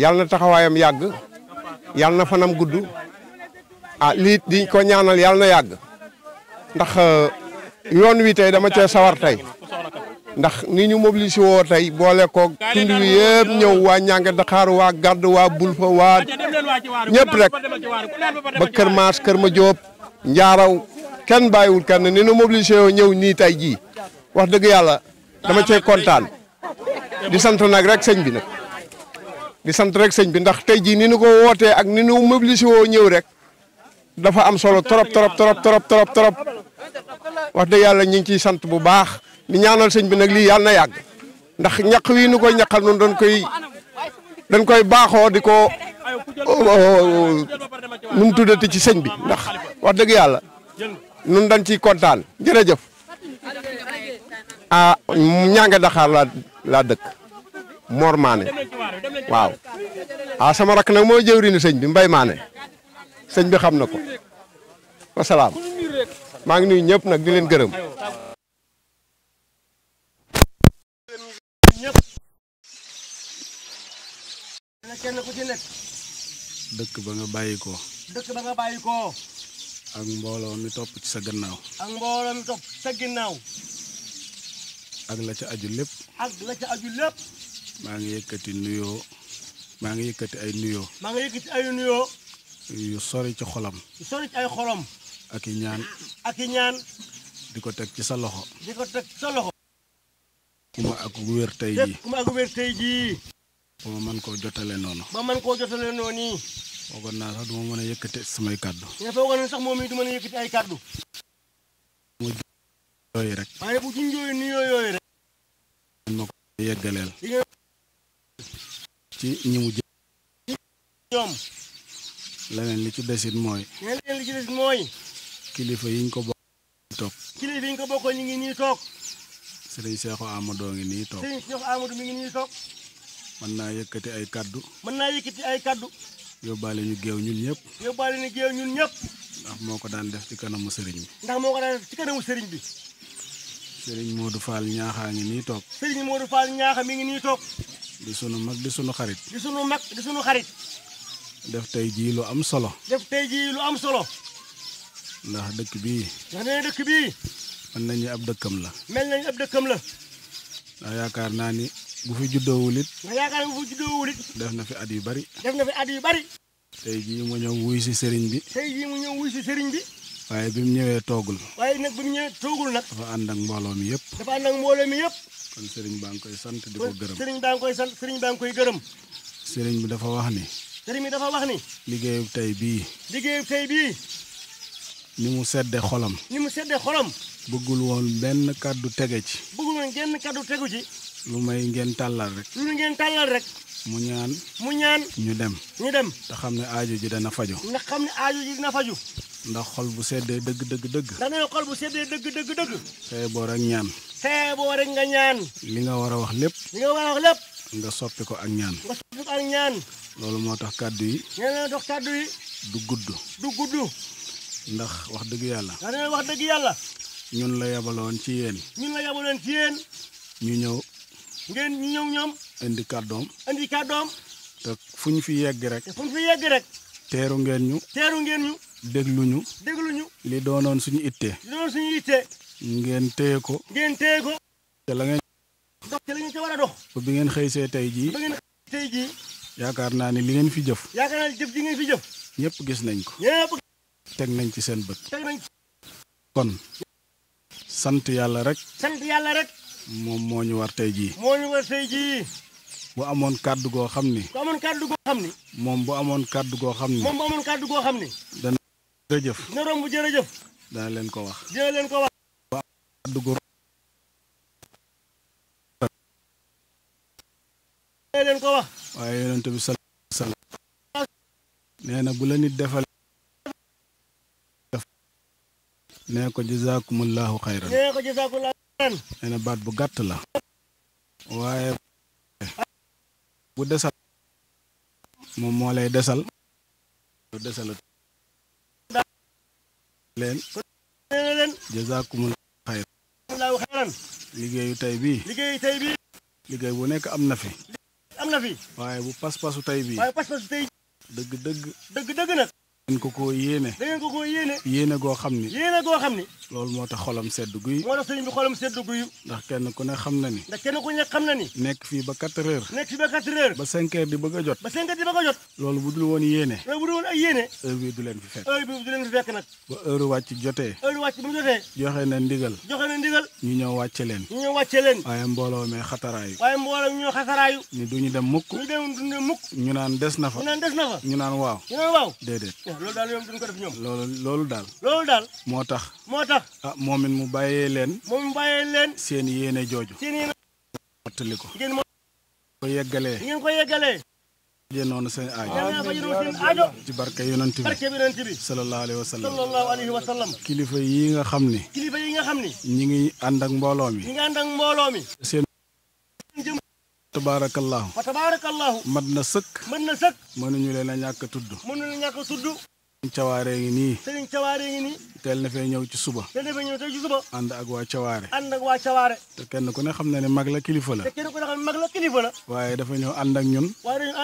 Speaker 3: yàlla na taxawaayam yàgg yàlla na fanam gudd ah lii di ko ñaanal yàlla na yàgg ndax euh, yoon wi tey dama cee sawar tey ndax ni ñu mobilisé tey boole ko tund wi yëpp waa ñànge Dakar waa gàdd waa bulfa waa ñëpp rek ba Kër Maas Kër ma Madiop Njaaraw kenn bàyyiwul kenn ni ñu mobilisé woo ñëw nii tey jii wax dëgg yàlla dama cee kontaan di sant nag rek sëñ bi nag di sant rek sëñ bi ndax tey jii ni nu ko wootee ak ni nu mobilisé woo ñëw rek dafa am solo trop trop trop trop trop trop wax dëgg yàlla ñu ngi ciy sant bu baax di ñaanal sëñ bi nag lii yàlla na yàgg ndax ñaq wii nu koy ñaqal noonu dañ koy dañ koy baaxoo di ko nu mu ci sëñ bi ndax wax dëgg yàlla nun dañ ciy kontaan jërëjëf ah ñaanga Dakar laa dëkk Mor Mané waaw ah sama rakk nag moo jëwriñu sëñ bi Mbaye Mané sëñ bi xam na ko wasalaam maa ngi nuyu ñëpp nag di leen gërëm.
Speaker 2: ba nga bàyyi mbooloo mi topp ci sa gannaaw. ginnaaw. ak la ca aju lépp. ak la ca aju lépp. maa ngi yëkkati nuyoo. maa ngi yëkkati ay nuyoo. maa ngi yëkkati ay nuyoo. yu sori ci xolam. yu sori ci ay xolam. ak i ñaan. ak i ñaan. di ko teg ci sa loxo. di ko teg ci sa loxo. kuma ak wér tey jii kuma ak wér tey jii. ba ma mën koo jotale noonu. ba man koo jotale noonu yi. foogoon naa sax du ma mën a yëkkati samay kàddu. mais foogoon naa sax moom it du mën a yëkkati ay kàddu. ma yooyu rek. waaye bu ci njooyu nuyoo yooyu rek. ma ko yeggaleel ci ñi mu leneen li ci desit mooy kilifa yiñ ko bokk ko bokkoon ñu ngi nii toog sëriñ Seexu Amadou ngi nii toog sëriñ Seexu Amadou mi ngi nii toog mën naa yëkkati ay kaddu mën naa yëkkati ay kaddu yóbbaale ñu géew ñun ñëpp yóbbaale ñu géew ñun ñëpp ndax moo ko daan def ci kanamu sëriñ bi ndax moo ko daan def ci kanamu sëriñ bi Serigne Modou Fall ñaaxaa ngi nii toog. Serigne Modou Fall ñaaxa mi ngi nii toog. di sunu mag di sunu xarit. di sunu mag di sunu xarit. def tey jii lu am solo. def tey jii lu am solo. ndax dëkk bii. ndax nee dëkk bii. mel nañu ab dëkkam la. mel nañu ab dëkkam la. ndax yaakaar naa ni bu fi juddoowul it. ndax yaakaar naa bu fi juddoowul it. def na fi at yu bari. def na fi at yu bari. tey jii mu ñëw si sëriñ bi. jii mu ñëw wuy si sëriñ bi. waaye bi mu ñëwee toogul. waaye nag bi mu ñëwee toogul nag. dafa ànd ak mbooloo mi yëpp. dafa ànd ak mbooloo mi yëpp. kon sëriñ baa ngi koy sant di ko gërëm. sëriñ koy sant bi dafa wax ni. sëriñ bi dafa wax ni. liggéeyu tey bii. liggéeyu tey bii. ni mu sedde xolam. ni mu sedde xolam. bëggul woon benn kàddu tege ci. bëggul woon genn kàddu tegu ci. lu may ngeen tàllal rek. lu ngeen tàllal rek. mu ñaan. mu ñaan. ñu dem. ñu dem. te xam ne aajo ji dana faju. ndax xam ne aajo ndax xol bu seddee dëgg dëgg dëgg. ndax seddee dëgg dëgg ak xeeboo ñaan. xeeboo rek nga ñaan. li nga war a wax lépp. li nga war a wax lépp. nga soppi ko ak ñaan. nga soppi ko ak ñaan. loolu moo tax kàddu yi. nee na dox kàddu yi. du gudd. du gudd. ndax wax dëgg yàlla. ndax nee wax dëgg yàlla. ñun la yabaloon ci yéen. ñu ñëw. ngeen ñu ñëw ñoom. indi kàddoom. indi kàddoom. te fu ñu fi yegg rek. te fu ñu fi yegg rek. teeru ngeen ñu. teeru ngeen ñu. dégluñu. dégluñu. li doonoon suñu ittee. li doonoon suñu ittee. ngeen téye ko. ngeen téye ko. te la ngeen. dox te war a dox. bi ngeen xëysee tey jii. ba ngeen yaakaar naa ni li ngeen fi jëf. yaakaar naa ni jëf ji ngeen fi gis nañ ko. ñëpp. teg nañ ci seen bët. kon. sant yàlla rek. sant yàlla rek. moom moo ñu war tey jii. moo ñu war tey jii. bu amoon kàdd goo xam ni. amoon kàddu goo xam moom bu amoon kàddu goo xam ni. moom bu amoon kàddu goo xam ni. jërëjëf dina leen ko wax. dina leen ko wax. nee na bu la nit defal nee ko jazaakumullahu xayran. nee ko jazaakumullahu xayran. baat bu gàtt la. waaye bu desal moom moo lay desal. lu desalatu. leen nee liggéeyu tey bii liggéeyu liggéey bu nekk am na fi na fi waaye bu pas-pasu tey bii waaye pas dëgg dëgg dëgg dëgg nag dañ ko koo yéene. da ngeen koo xam ni. yéene xam ni. loolu moo tax sedd guy. moo ndax kenn ku ne xam na ni. kenn ku xam na ni. nekk fii ba 4 ba 4 heures. ba bëgg jot. ba 5 heures loolu bu dul woon yéene. ay yéene. du leen fi fekk. heure bii wàcc jotee. joxe na ndigal. ñu ñëw wàcce leen. mbooloo mee xataraayu. waaye ñu dem mukk. ñu naan des na fa. ñu naan waaw. ñu naan waaw. déedéet loolu daal loolu loolu daal. moo tax. moo tax ah moom mu bàyyee leen. moom mu bàyyee leen. seen yéene jooju. seen yéene mottali ko. ngeen ko yeggalee. ko yeggalee. noonu seen aajo ci barke yonent bi barke yonent bi kilifa yi nga xam ni kilifa yi nga xam ni ñi ngi àndak mbooloo mi ñi ngi ànd mbooloo mi tabaarakallaahu fa tabaarakallaahu mat na sëkk mat na sëkk mënuñu leen a ñàkk a tudd mënuñu leen a ñàkk tudd sëriñ ngi nii sëriñ cawaare na fee ñëw ci suba teel na fee ñëw tey suba ànd ak waa cawaare te kenn ku ne xam na ne mag la kilifa la ne mag la kilifa la waaye dafa ñëw ànd ak ñun waaye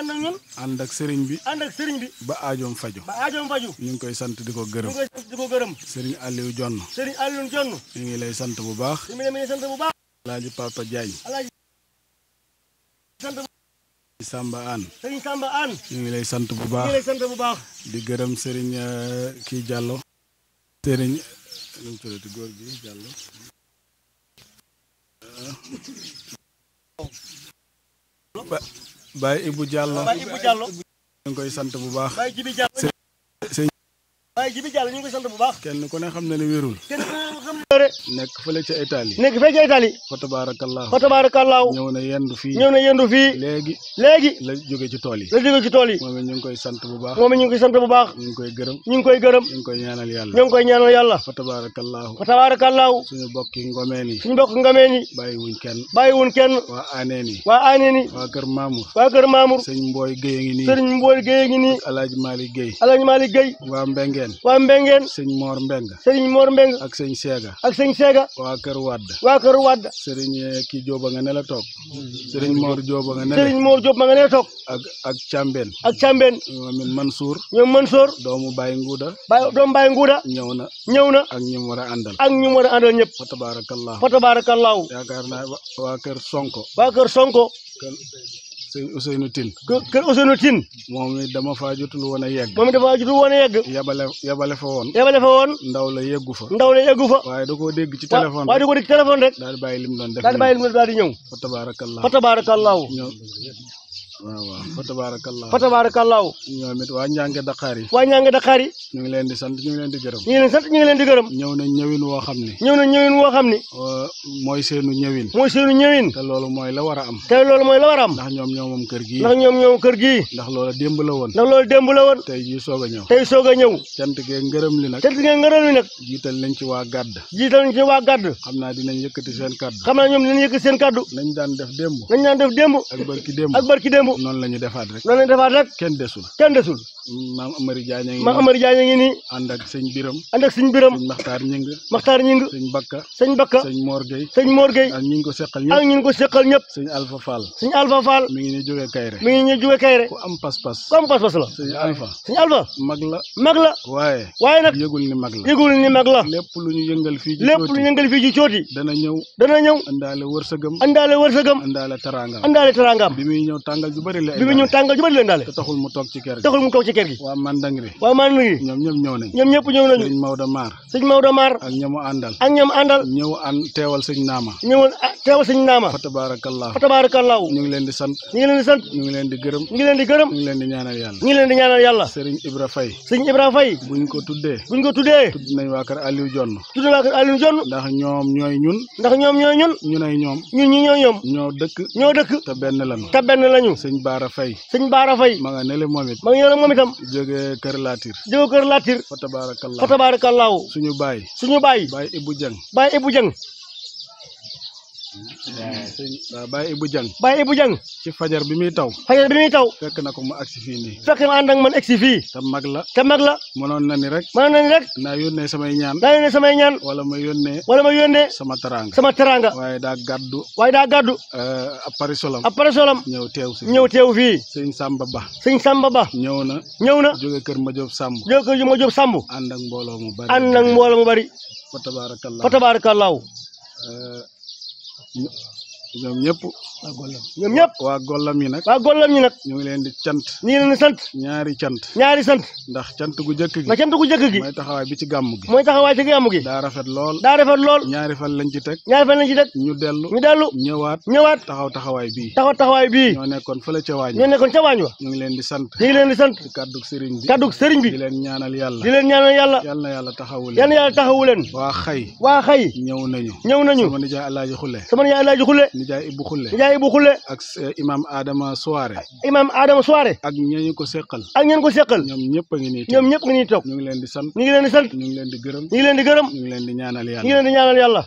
Speaker 2: ànd ak sëriñ bi ànd ak sëriñ bi ba ajoom faju ba aajoom faju ñu ngi koy sant di ko gërëm sëriñ Aliou Jonn sëriñ Aliou Jonn ñu ngi lay sant bu baax ñu ngi lay sant bu baax alaaji Papa Diagne Samba Anne. ñu ngi lay sant bu baax baax. di gërëm sëriñ eh, kii Diallo. sëriñ nu mu tuddati góor gi Diallo. Eh. Baye Ibou ñu ngi koy sant bu baax. waaye ji bi jàll ñu ngi koy sant bu baax. kenn ku ne xam na ne wérul. kenn ku ne xam na ne. nekk fële ca Italie. nekk fële ca Italie. fa tabaarakallaahu. fa ñëw na yendu fii. ñëw na yendu fii. léegi. léegi la jóge ci tool yi. la jóge ci tool yi. moom it ñu koy sant bu baax. moom it ñu ngi koy bu baax. ñu ngi koy gërëm. ñu ngi koy gërëm. ñu ngi koy ñaanal yàlla. ñu ngi koy ñaanal yàlla. fa tabaarakallaahu. fa tabaarakallaahu. suñu bokki ngomeen yi. suñu bokki ngomeen yi. bàyyiwuñ kenn. bàyyiwuñ kenn. waa aaneen yi. waa aaneen yi. waa kër Mamour. waa kër Mamour. sëñ Mbooy Guèye ngi nii. sëñ Mbooy Guèye ngi nii. Mbengeen waa Mbengeen sëñ moor Mbeng sëñ Mor Mbeng ak sëñ Seega ak sëñ Seega waa kër Wadd waa kër Wadd sëriñ eh, kii Jóoba nga ne la toog mm.
Speaker 8: sëriñ Mor Jóoba nga ne la sëriñ
Speaker 2: Mor Jóoba ak ak ak Càmbeen ñoom Mansour ñoom Mansour doomu Baye Nguuda Baye doomu Baye Nguuda ñëw na ñëw na ak ñu war a àndal ak ñu war a àndal ñëpp fa tabaarakallaahu fa tabaarakallaahu waa kër Sonko waa kër Sonko Ousseynou Tine. kër Ousseynou moom it dama faa woon a yegg. moom it dama faa jotul woon a yegg. yabale yabale fa woon. yabale fa woon. ndaw la yeggu fa. ndaw la yeggu fa. waaye da koo dégg ci téléphone. waaye da koo dégg ci téléphone rek. daal di bàyyi lim doon def daal di bàyyi lim fa tabaarakallaahu fa waaw waaw fa tabaarakallaahu fa tabaarakallaahu ñoom it waa ñaange daqaar yi waa ñaange daqaar yi ñu ngi leen di sant ñu ngi leen di gërëm ñu ngi leen di sant leen di gërëm ñëw nañ ñëwin woo xam ni ñëw nañ ñëwin woo xam ni mooy seenu ñëwin mooy seenu ñëwin te loolu mooy la war a am te loolu mooy la war a am ndax ñoom ñoo moom kër gii ndax ñoom kër gi ndax loolu demb la woon ndax loolu démb la woon tey jii soog a ñëw tey soog a ñëw cant gee ngërëm li nag cant gee ngërëm li nag jiital nañ ci waa gàdd jiital nañ ci waa gàdd xam naa dinañ yëkkati seen kàddu xam naa ñoom dinañ yëkkati seen kàddu nañ daan def démb nañ daan def démb ak démb. noonu la ñu defaat rek. noonu la ñu defaat rek. kenn desul. kenn desul. maam Amary Diagne ngi. maam Amary Diagne ngi nii. ànd ak sëñ Biram. ànd ak sëñ Biram. sëñ Maxtaar Ñing. Maxtaar Ñing. sëñ mag la. mag ni mag la. yëgul ni andaale wërsëgam. andaale wërsëgam. andaale teraangam. andaale teraangam. ju bëri la bi mu ñëw tàngal ju bëri la indaale te taxul mu toog ci kër gi taxul mu toog ci kër gi waa mandangri waa mandangri ñoom ñëpp ñëw nañ ñoom ñëpp ñëw nañu sëñ Maodo Mar sëñ Maodo Mar ak ñamu àndal ak ñamu àndal ñëw an teewal sëñ Naama ñëwoon ah, teewal sëñ Naama fa tabaarakallaahu fa tabaarakallaahu ñu ngi leen di sant ñu ngi leen di sant ñu ngi leen di gërëm ñu ngi leen di gërëm ñu ngi leen di ñaanal yàlla ñu ngi leen di ñaanal yàlla sëriñ Ibra Faye sëriñ Ibra Faye buñ ko tuddee buñ ko tuddee tudd nañ waa kër Aliou Jonn tudd nañ waa kër Aliou Jonn ndax ñoom ñooy ñun ndax ñoom ñooy ñun ñun ay ñoom ñun ñi ñooy ñoom ñoo dëkk ñoo dëkk te benn lañu te benn lañu sëñ Baara Faye sëñ Baara Faye ma nga nele moom it ma nga nele moom itam jógee Kër Latir jógee Kër Latir fa tabaarakallaahu fa tabaarakallaahu suñu baay suñu baay baay Ibou Dieng baay Ibou Baye Ibou Dieng Baye Ibou Dieng ci fajar bi muy taw fajar bi muy taw fekk na ko mu agsi fii nii fekk na ànd ak man agsi fii te mag la te mag la mënoon na ni rek mënoon na ni rek naa yónnee samay ñaan naa yónnee samay ñaan wala ma yónnee wala ma yónnee sama taraanga sama taraanga waaye daa gàddu waaye daa gàddu eh, ab parisolam ab parisolam ñëw teew si ñëw teew fii sëñ Samba Ba sëñ Samba Ba ñëw na ñëw na jóge kër ma jóob Samb jóge kër ma jóob Samb ànd mbooloo mu bari ànd mu bari fa tabaarakallaahu fa eh, ñu ñoom ñëpp waa gollam ñoom ñëpp waa gollam yi nag waa gollam yi ñu leen di cant ñaari cant ñaari sant ndax cant gu jëkk gi ndax cant gu jëkk gi mooy taxawaay bi ci gàmm gi mooy taxawaay ci gàmm gi daa rafet lool daa rafet lool ñaari fan lañ ci teg ñaari fan lañ ci teg ñu dellu ñu dellu ñëwaat ñëwaat taxaw taxawaay bii taxaw taxawaay bii ñoo nekkoon fële ca waañ ñoo nekkoon ca waañ wa ñu leen di sant ñu ngi leen di sant kàddug sëriñ bi kàddug sëriñ bi di leen ñaanal yàlla di leen ñaanal yàlla yal na yàlla taxawu leen yal na yàlla taxawu leen waa xay waa xay ñëw nañu ñëw nañu sama nijaay alaaji xule sama nijaay Ndiaye Ibou Khoule. Ndiaye Ibou Khoule. ak eh, imam Adama Souare. imam Adama Souare. ak ñooñu ko seqal. ak ñooñu ko seqal. ñoom ñëpp a ngi nii ñoom ñëpp a ngi nii toog. ñu leen di sant. ñu leen di sant. ñu ngi leen di gërëm. ñu leen di gërëm. ñu ngi leen di ñaanal yàlla. ñu ngi di yàlla.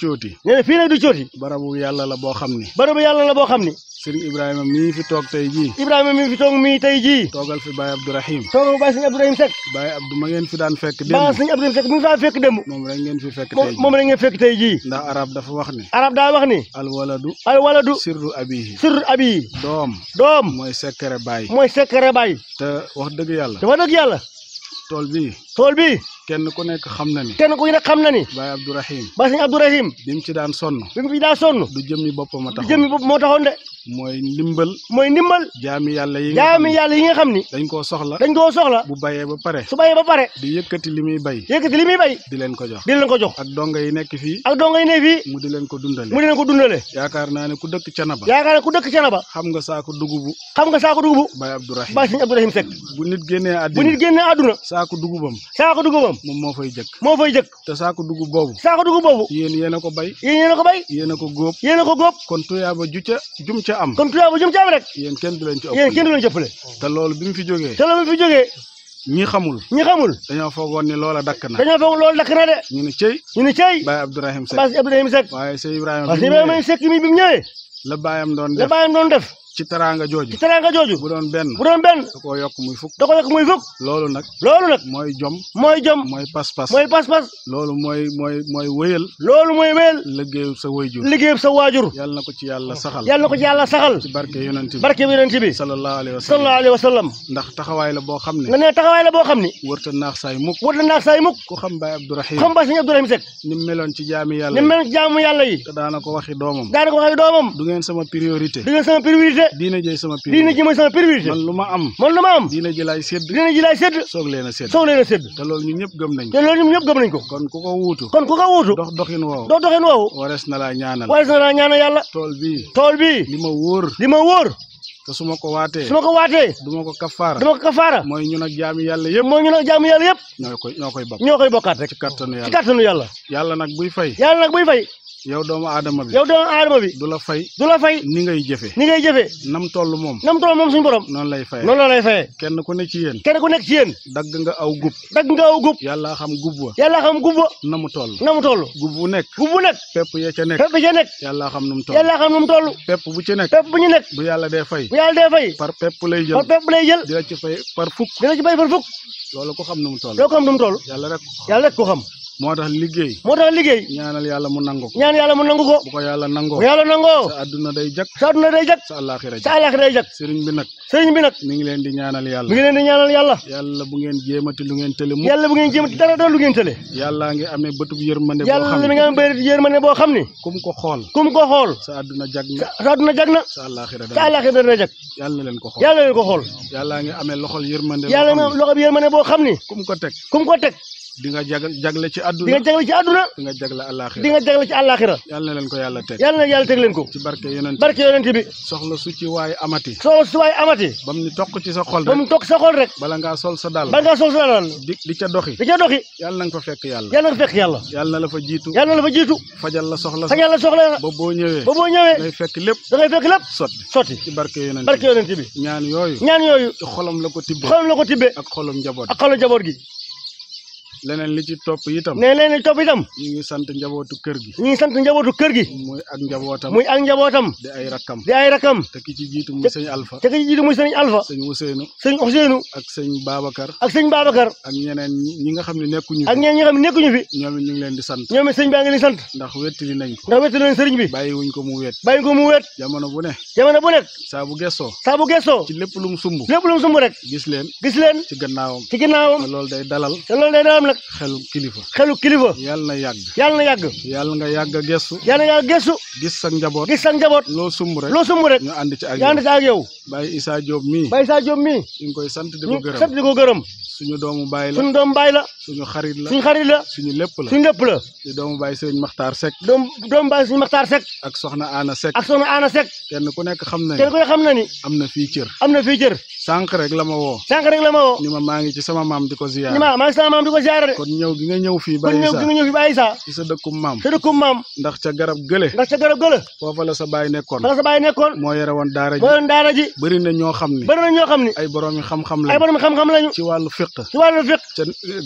Speaker 2: cooti. nee na fii di cooti. barabu yàlla la boo xam ni. barabu yàlla la boo xam ni. Serigne Ibrahima mii fi toog tey jii. Ibrahima mii fi toog mii tey jii. toogal fi Baye Abdourahim. toogal Baye Serigne Abdourahim Seck. Baye Abdou ma ngeen fi daan fekk démb. Baye Serigne Abdourahim Seck mu ngi daan fekk démb. moom rek ngeen fi fekk tey jii moom rek ngeen fekk tey jii. ndax arab dafa wax ni. arab daa wax ni. alwaladu. alwaladu. sirru abihi. sirru abihi. doom. doom mooy sekkere baay. mooy sekkere baay. te wax dëgg yàlla. te wax dëgg yàlla. tool bii. tool bii. kenn ku nekk xam na ni. kenn ku nekk xam na ni. Baye Abdourahim. Baye Serigne Abdourahim. bi mu ci daan sonn. bi mu ci daan sonn. du jëmmi boppam moo taxoon. du jëmmi bopp moo taxoon de. mooy ndimbal. mooy ndimbal. jaami yàlla yi nga jaami xam ni. dañ koo soxla. dañ koo soxla. bu bayee ba pare. su bayee ba pare. di yëkkati li muy bay. li muy bay. di leen ko jox di leen ko jox. ak donga yi nekk fii. ak donga yi nekk fi mu di leen ko dundale. mu di leen ko dundale. yaakaar naa ne ku dëkk Canaba. yaakaar naa ku dëkk Canaba. xam nga saako dugubu. xam nga saako dugubu. Baye Abdourahim Baye Sëñ Abdourahim Seck. bu nit génnee àdduna bu nit génnee àdduna. saako dugubam. saako dugubam. moom moo fay jëkk. moo fay jëkk. te saako dugub boobu. saako dugub boobu. yéen yéen a a ko bay. yéen a ko góob. yéen a ko góob. kon tuyaaba ju ca am kon tuyaaba jëm ca rek yéen kenn du leen ci ëpp loolu bi mu fi jógee te loolu bi mu fi jógee ñi xamul dañoo foogoon ni loola dakk na dañoo foogoon loola dakk na de ñu ne cëy ñu ne cëy Baye Abdourahim Seck Baye Abdourahim Seck waaye sëñ Ibrahima waaye sëñ Ibrahima Seck mi bi mu ñëwee la baayam doon def la baayam doon def ci teraanga jooju ci teraanga jooju bu doon benn bu doon benn da koo yokk muy fukk da koo yokk muy fukk loolu nag loolu nag mooy jom mooy jom mooy pas-pas mooy pas-pas loolu mooy mooy mooy wéyal loolu mooy wéyal liggéeyub sa waajur liggéeyub sa waajur yàlla na ko ci yàlla saxal yàlla na ko ci yàlla saxal ci barke yonent bi barke yonent bi sallallahu alayhi wa sallam sallallahu alayhi wa ndax taxawaay la boo xam ne nga ne taxawaay la boo xam ni wërta naax saay mukk wërta naax saay mukk ku xam Baye Abdourahim xam Baye Sëñ Abdourahim Seck ni meloon ci jaami yàlla ni meloon yàlla daana ko waxi doomam daana ko sama priorité de diina ji sama priorité man lu ma am man lu ma am diina ji laay diina ji laay sédd soog leen a sédd soog leen a sédd te loolu ñun ñëpp ko kon ku ko wuutu kon ku ko wuutu dox doxin woowu dox doxin woowu warees na laa ñaanal warees na laa ñaanal yàlla tool bi tool bi li ma wóor li ma wóor te su ma ko waatee su ko waatee du ma ko kafaara du ma ko mooy ñun ak jaami yàlla yëpp mooy ñun ak jaami yàlla yëpp ñoo koy ñoo koy bokk ñoo koy bokkaat rek ci kattanu yàlla ci kattanu fay yow doomu aadama bi yow doomu aadama bi du la fay du la fay ni ngay jëfee ni ngay jëfee nam toll moom nam toll moom suñu borom noonu lay fay noonu la lay fayee kenn ku nekk ci yéen kenn ku nekk ci yéen dagg nga aw gub dagg nga aw gub yàlla xam gub wa yàlla xam gub wa na mu toll na mu toll gub bu nekk gub bu nekk pepp ya ca nekk pepp ya ca nekk yàlla xam nu mu toll yàlla xam bu ci nekk pepp bu ñu nekk bu yàlla dee fay bu yàlla dee fay par pepp lay jël par pepp lay jël di la ci fay par fukk di la ci fay xam nu mu toll loo ko xam nu yàlla rek yàlla rek ko xam moo tax liggéey moo tax liggéey ñaanal yàlla mu nangu ko ñaan yàlla mu nangu ko bu ko yàlla nangoo bu yàlla nangoo sa adduna day jag sa adduna day jag sa àllaaxira jag sa jag nag sëriñ bi nag mi ngi leen di ñaanal yàlla mi ngi leen di ngeen jéemati ngeen tële mu yàlla ngi amee bëtub yërmande yàlla mi ngi amee xam ni kum ko xool kum sa adduna jag na sa adduna jag na sa àllaaxira sa àllaaxira dana jag yàlla leen ko xool yàlla leen ko xool yàllaa ngi amee loxol yërmande yàlla nga loxol yërmande boo xam ni kum ko teg kum ko teg di nga jagle ci àdduna di nga jagle ci àdduna di nga jagle àllaaxira di nga jagle ci àllaaxira yal leen ko yàlla teg yal na yàlla teg leen ko ci barke yonent barke yonent bi amati soxla amati ba mu ni ci sa xol rek ba mu toq sa ngaa sol sa dàll bala ngaa sol sa dàll di di ca doxi di ca na nga fekk yàlla yal na nga fekk yàlla yal na la fa jiitu yal na la fa jiitu fajal la soxla boo ñëwee ba boo ñëwee ngay fekk lépp da ngay fekk lépp sotti sotti ci barke yonent barke yonent bi ñaan yooyu ñaan yooyu xolam la ko tibbe xolam la ko tibbe ak xolum njaboot ak xolum gi leneen li ci topp itam ne leneen li topp itam ñu ngi sant njabootu kër gi ñu ngi sant njabootu kër gi muy ak njabootam muy ak njabootam di ay rakkam di ay rakkam te ki ci jiitu muy sëñ Alpha te ki ci jiitu muy sëñ Alpha sëñ Ousseynou sëñ Ousseynou ak sëñ Babacar ak sëñ Babacar ak ñeneen ñi nga xam ne nekkuñu ak ñeneen ñi nga xam ne nekkuñu fi ñoom it ñu ngi leen di sant ñoom it sëñ baa ngi leen di sant ndax wettali nañ ko ndax wettali nañ sëriñ bi bàyyi wuñ ko mu wet bàyyi ko mu wet jamono bu ne bu nekk saa bu gessoo saa bu gessoo ci lépp lu mu sumb lépp lu mu sumb gis leen gis leen ci gannaawam ci gannaawam loolu loolu day dalal xelu kilifa xelu kilifa yàlla na yàgg yàlla na yàgg yàlla nga yàgg a gestu yàlla nga yàgg gestu gis sa njaboot gis sa njaboot loo sumb rek loo sumb rek ñu ànd ci ak ñu ànd ci ak yow Baye Issa Diop mii Baye Issa Diop mii ñu ngi koy sant di ko gërëm gërëm suñu doomu baay la suñu baay la suñu xarit la suñu xarit la suñu lépp la suñu lépp la di doomu baay sëñ Maxtaar Seck doom doomu baay sëñ Maxtaar Seck ak soxna Ana Seck ak soxna Ana kenn ku nekk xam na ni kenn ku xam na ni am na fii cër am na fii cër sànq rek la ma woo sànq la ma ma maa ngi ci sama maam di ko ziyaar ni ma maa ngi sama maam di ko ziyaar de kon ñëw gi nga ñëw sa kon maam sa dëkkum maam ndax ca garab gële ndax ca garab la sa baay nekkoon fa la nekkoon moo yore woon daara ji ji bëri na ñoo xam ni bëri na ñoo xam ni ay xam-xam lañu ay boroomi xam-xam lañu ci wàllu fiq ci wàllu fiq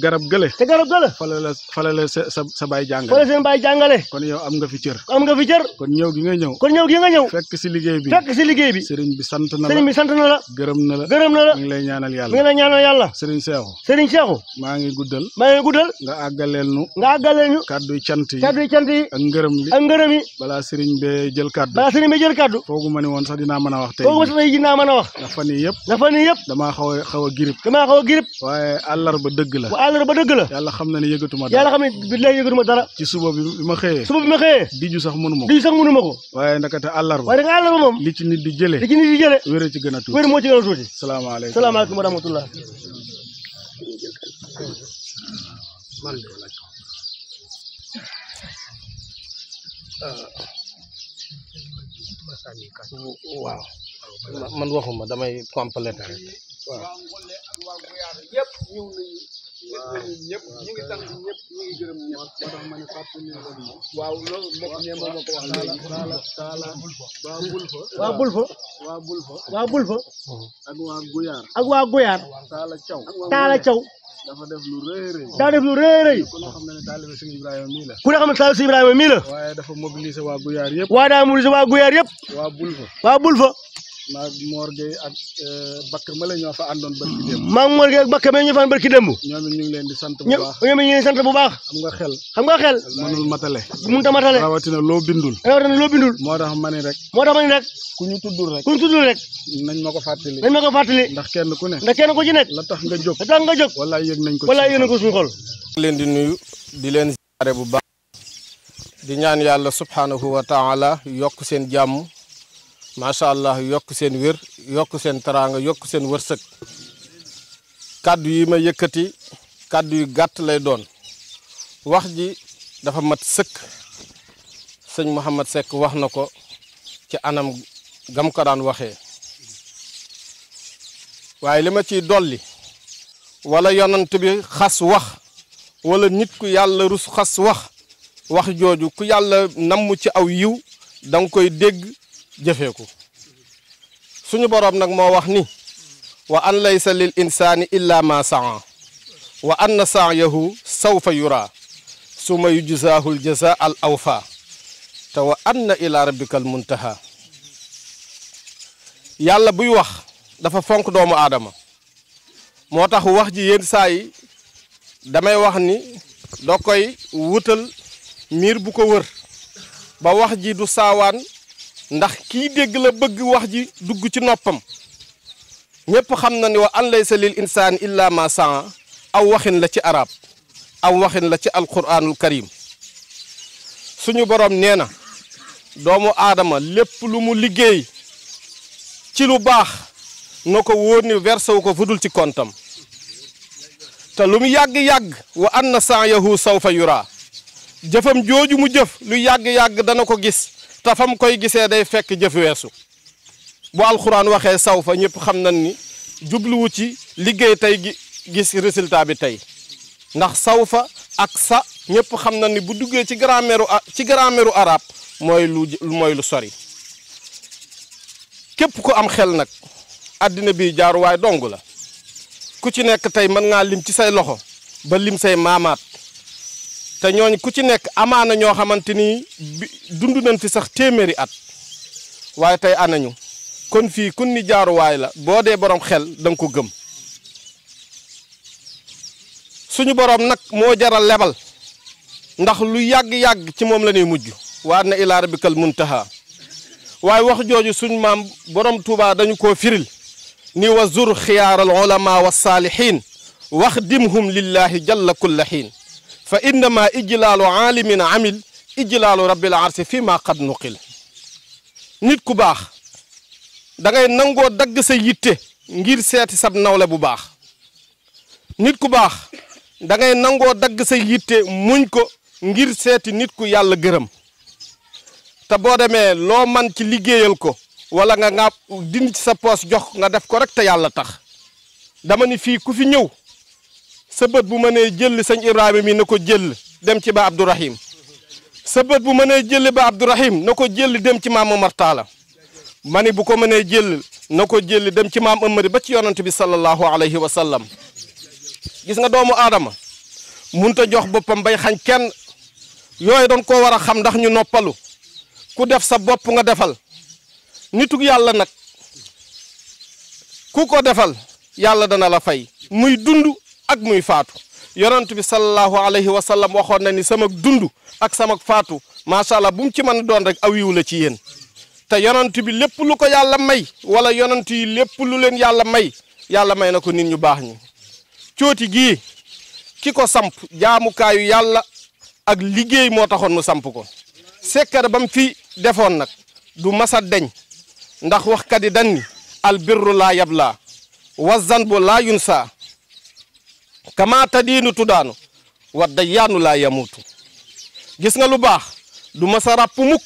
Speaker 2: garab gële ca garab gële fa la fa la sa sa baay jàngale fa la jàngale kon yow am nga fi cër am nga fi kon ñëw gi nga ñëw kon ñëw gi nga ñëw fekk si liggéey bi fekk si liggéey bi sëriñ bi sant na la sëriñ gërëm na la gërëm na la mi ngi lay ñaanal yàlla mi ngi lay ñaanal yàlla sëriñ Seexu sëriñ Seexu maa ngi guddal maa ngi guddal nga àggaleel nu nga àggaleel ñu kàddu cant yi kàddu cant yi ak ngërëm li ak ngërëm yi balaa sëriñ be jël kàddu balaa sëriñ bee jël kàddu foogu ma ne woon sax dinaa mën a wax te foogu ma sax dinaa mën a wax ndax fan yëpp ndax fan yëpp damaa xaw a xaw a girib damaa xaw a waaye àllarba dëgg la waaye àllarba dëgg la yàlla xam na ne yëgatuma dara yàlla xam ne bi lay yëgatuma dara ci suba bi ma xëyee suba bi ma xëyee diju sax mënuma ko diju sax ko waaye ndakate àllarba waaye da nga àllarba moom li ci nit moo ci gën salaamaaleykum salaamaaleykum wa rahmatulah.
Speaker 8: waaw man waxuma
Speaker 4: damay compléter rek
Speaker 2: waaw. waaw waaw ñëpp ñu ngi sant ñëpp ñu ngi gërëm ñëpp. moo tax ma ne fàttali ñu woon moom. waaw loolu mbokk mi moom moo ko waa Bulfa. waa waa Bulfa. waa Bulfa. waa Guyaar. ak waa Taala Thiaw. Taala Thiaw. dafa def lu rëy a rëy. daa a rëy. ku ne xam ne taalibe Sëñ Ibrahima la. ku ne xam ne taalibe Sëñ Ibrahima mii la. waaye dafa mobiliser waa Guyaar yëpp. waaye daa mobiliser waa Guyaar yëpp. waa Bulfa. waa Bulfa. maag Mor Gueye ak euh, Bakk ma la ñoo fa àndoon barki démb. maag Mor Gueye ak Bakk ma ñoo fa ànd barki démb. ñoom it ñu ngi leen di sant bu baax ñoom it ñu ngi leen di sant bu baax. xam nga xel. xam nga xel. mënul matale. mënut a matale rawatina loo bindul. rawatina loo bindul. moo tax ma ni rek. moo tax ma ni rek. ku ñu tuddul rek. ku ñu tuddul rek. nañ ma ko fàttali. nañ ma ko fàttali. ndax kenn ku ne. ndax kenn ku ci nekk. la tax nga jóg la tax nga jóg. walaay yëg nañ ko walaay yëg nañ ko suñu xol. leen di nuyu di leen ziare bu baax di ñaan yàlla subhanahu wa taala yokk seen jàmm macha allah yokk seen wér yokk seen taraanga yokk seen wërsëg kàddu yi ma yëkkati kàddu yu gàtt lay doon
Speaker 4: wax ji dafa mat sëkk sëñ Mouhamed Seck wax na ko ci anam gam ko daan waxe
Speaker 2: waaye li ma ciy dolli wala yonant bi xas wax wala nit ku yàlla rus xas wax wax jooju ku yàlla namm ci aw yiw danga koy dégg jëfee ko suñu boroom nag moo wax ni wa an laysa lil insaani illa ma saa wa anna saayahu sawfa yura suma yujzaahu l jaza al awfa te wa anna ila rabbikal muntaha yàlla buy wax dafa fonk doomu aadama moo tax wax ji yenn saa yi damay wax ni da koy wutal miir bu ko wër ba wax ji du saawaan ndax kii dégg la bëgg wax ji dugg ci noppam ñépp xam na ni wa an laysa lil insaan illa ma saa aw waxin la ci arab aw waxin la ci alquranul karim suñu borom nee na doomu aadama lépp lu mu liggéey ci lu baax na ko wóor ni versé ko ko dul ci kontam te lu mu yàgg-yàgg wa an na san yahu sawfa yura jëfam jooju mu jëf lu yàgg-yàgg dana ko gis te fam koy gisee day fekk jëf weesu bu alxuraan waxee saw fa ñëpp xam na ni jubluwu ci liggéey tey gis résultat bi tey ndax saw fa ak sa ñëpp xam na ni bu duggee ci grammaire ci grammaire arabe mooy lu mooy lu sori képp ku am xel nag àddina bi jaaruwaay dong la ku ci nekk tey mën ngaa lim ci say loxo ba lim say maamaat te ñooñ ku ci nekk amaana ñoo xamante ni dund fi sax téeméeri at waaye tey anañu kon fii kun ni jaaruwaay la boo dee boroom xel da ko gëm suñu boroom nag moo jaral lebal ndax lu yàgg-yàgg ci moom la mujj waa na ilaa rabbikal muntaha waaye wax jooju suñu maam boroom tuubaa dañu ko firil ni wa zur xiyaaral ulama wa saalihin wax dimhum lillahi jalla kulla fa innama ijlaalu aalimin amil ijlaalu rabbil arsi fi ma qad nuqil nit ku baax dangay nangoo dagg sa yitte ngir seeti sab nawle bu baax nit ku baax da ngay nangoo dagg sa yitte muñ ko ngir seeti nit ku yàlla gërëm te boo demee loo man ci liggéeyal ko wala nga nga dindi ci sa poos jox nga def ko rek te yàlla tax dama ni fii ku fi ñëw sa bu mënee jëll sëñ Ibrahima mi na ko jëll dem ci ba Abdourahim sa bët bu mënee jëlli ba Abdourahim na ko jëlli dem ci maam Omar Talla ma ni bu ko mënee jëll na ko jëlli dem ci maam Amari ba ci yonent bi sallallahu alayhi wa sallam gis nga doomu aadama munta jox boppam bay xañ kenn yooyu doon koo war a xam ndax ñu noppalu ku def sa bopp nga defal nitug yàlla nag ku ko defal yàlla dana la fay muy dund ak muy faatu yonent bi sallallahu alayhi wa sallam waxoon na ni sama dund ak sama faatu macha allah bu mu ci mën doon rek aw yiw ci yéen te yonent bi lépp lu ko yàlla may wala yonent yi lépp lu leen yàlla may yàlla may na ko nit ñu baax ñi cooti gi ki ko samp jaamukaayu yàlla ak liggéey moo taxoon mu samp ko sekkare ba fi defoon nag du masa deñ ndax waxkat yi dañ ni albirru laa yablaa wa zanbu laa kamaata tadiinu daanu wat da yaanu laa yamutu gis nga lu baax du masa ràpp mukk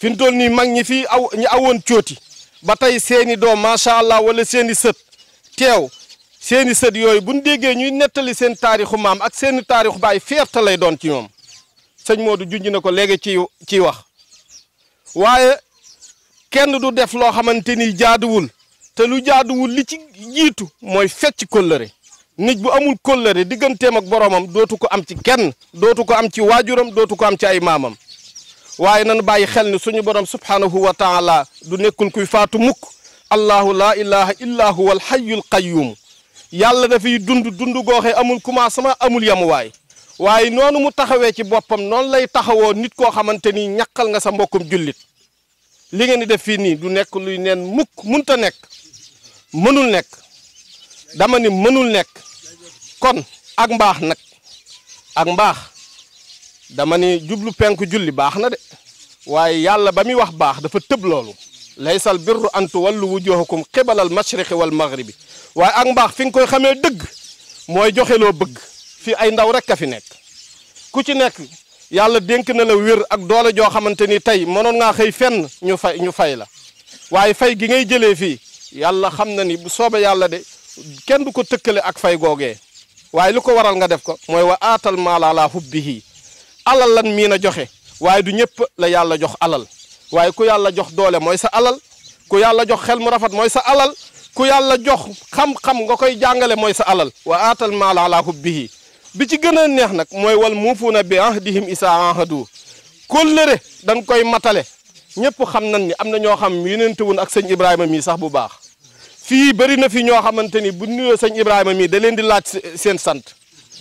Speaker 2: fi mu toll nii mag ñi fii aw ñi awoon cooti ba tey seeni doom macha allah wala seeni sët teew seeni sët yooyu bu ñu déggee ñuy nettali seen taarixu maam ak seeni taarixu baay fierté lay doon ci ñoom sëñ Modou junj na ko léegi ci ciy wax waaye kenn du def loo xamante ni jaaduwul te lu jaaduwul li ci jiitu mooy fecc kóllëre nit bu amul kóllëre digganteem ak boromam dootu ko am ci kenn dootu ko am ci waajuram dootu ko am ci ay maamam waaye nan bàyyi xel ni suñu borom subhaanahu wa taala du nekkul kuy faatu mukk allahu laa ilaha illa huwa alxayyul qayyum yàlla dafay dund dund gooxe amul commencement amul yamuwaay waaye noonu mu taxawee ci boppam noonu lay taxawoo nit koo xamante ni ñaqal nga sa mbokkum jullit li ngeen di def fii nii du nekk luy nen mukk munta nekk mënul nekk dama ni mënul nekk kon ak mbaax nag ak mbaax dama ni jublu penk julli baax na de waaye yàlla ba muy wax baax dafa tëb loolu laysal birru an tuwallu wujuhakum qibalal mashriqi wal maghribi waaye ak mbaax fi nga koy xamee dëgg mooy joxe loo bëgg fii ay ndaw rek a fi nekk ku ci nekk yàlla dénk na la wér ak doole joo xamante ni tey mënoon ngaa xëy fenn ñu fay ñu fay la waaye fay gi ngay jëlee fii yàlla xam na ni bu soobee yàlla de kenn du ko tëkkale ak fay googee waaye li ko waral nga def ko mooy wa aatal maala ala hubbihi alal lan miin a joxe waaye du ñëpp la yàlla jox alal waaye ku yàlla jox doole mooy sa alal ku yàlla jox xel mu rafet mooy sa alal ku yàlla jox xam-xam nga koy jàngale mooy sa alal wa aatal maala ala hubbihi bi ci gën a neex nag mooy wal muufuuna bi ahdihim isa ahadu kóllëre dan koy matale ñëpp xam nañ ni am na ñoo xam yénente woon ak sëñ Ibrahima mii sax bu baax fii bëri na fi ñoo xamante ni bu nuyoo sëñ Ibrahima mii da leen di laaj seen sant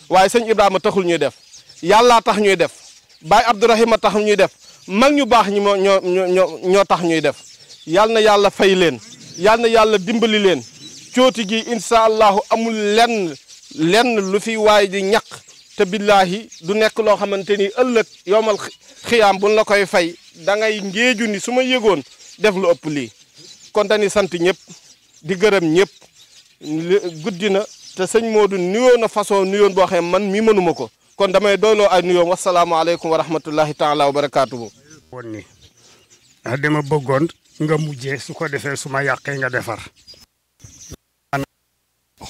Speaker 2: waaye sëñ Ibrahima taxul ñuy def yàllaa tax ñuy def Baay Abdourahima tax ñuy def mag ñu baax ñi moo ñoo ñoo tax ñuy def yal na yàlla fay leen yal na yàlla dimbali leen cooti ji incha allahu amul lenn lenn lu fi waay di ñaq te billaahi du nekk loo xamante ni ëllëg yowmal xiyaam buñ la koy fay da ngay ngéeju ni su ma yëgoon def lu ëpp lii kon dañuy sant ñëpp. di gërëm ñépp guddi na te sëñ Modou nuyoo na façon nuyoon boo xam man mii mënuma ko kon damay doyloo ay nuyoom wasalaamaaleykum wa rahmatullahi taala wa barakaatu. woon ni ndax bëggoon nga mujjee su ko defee su ma yàqee nga defar.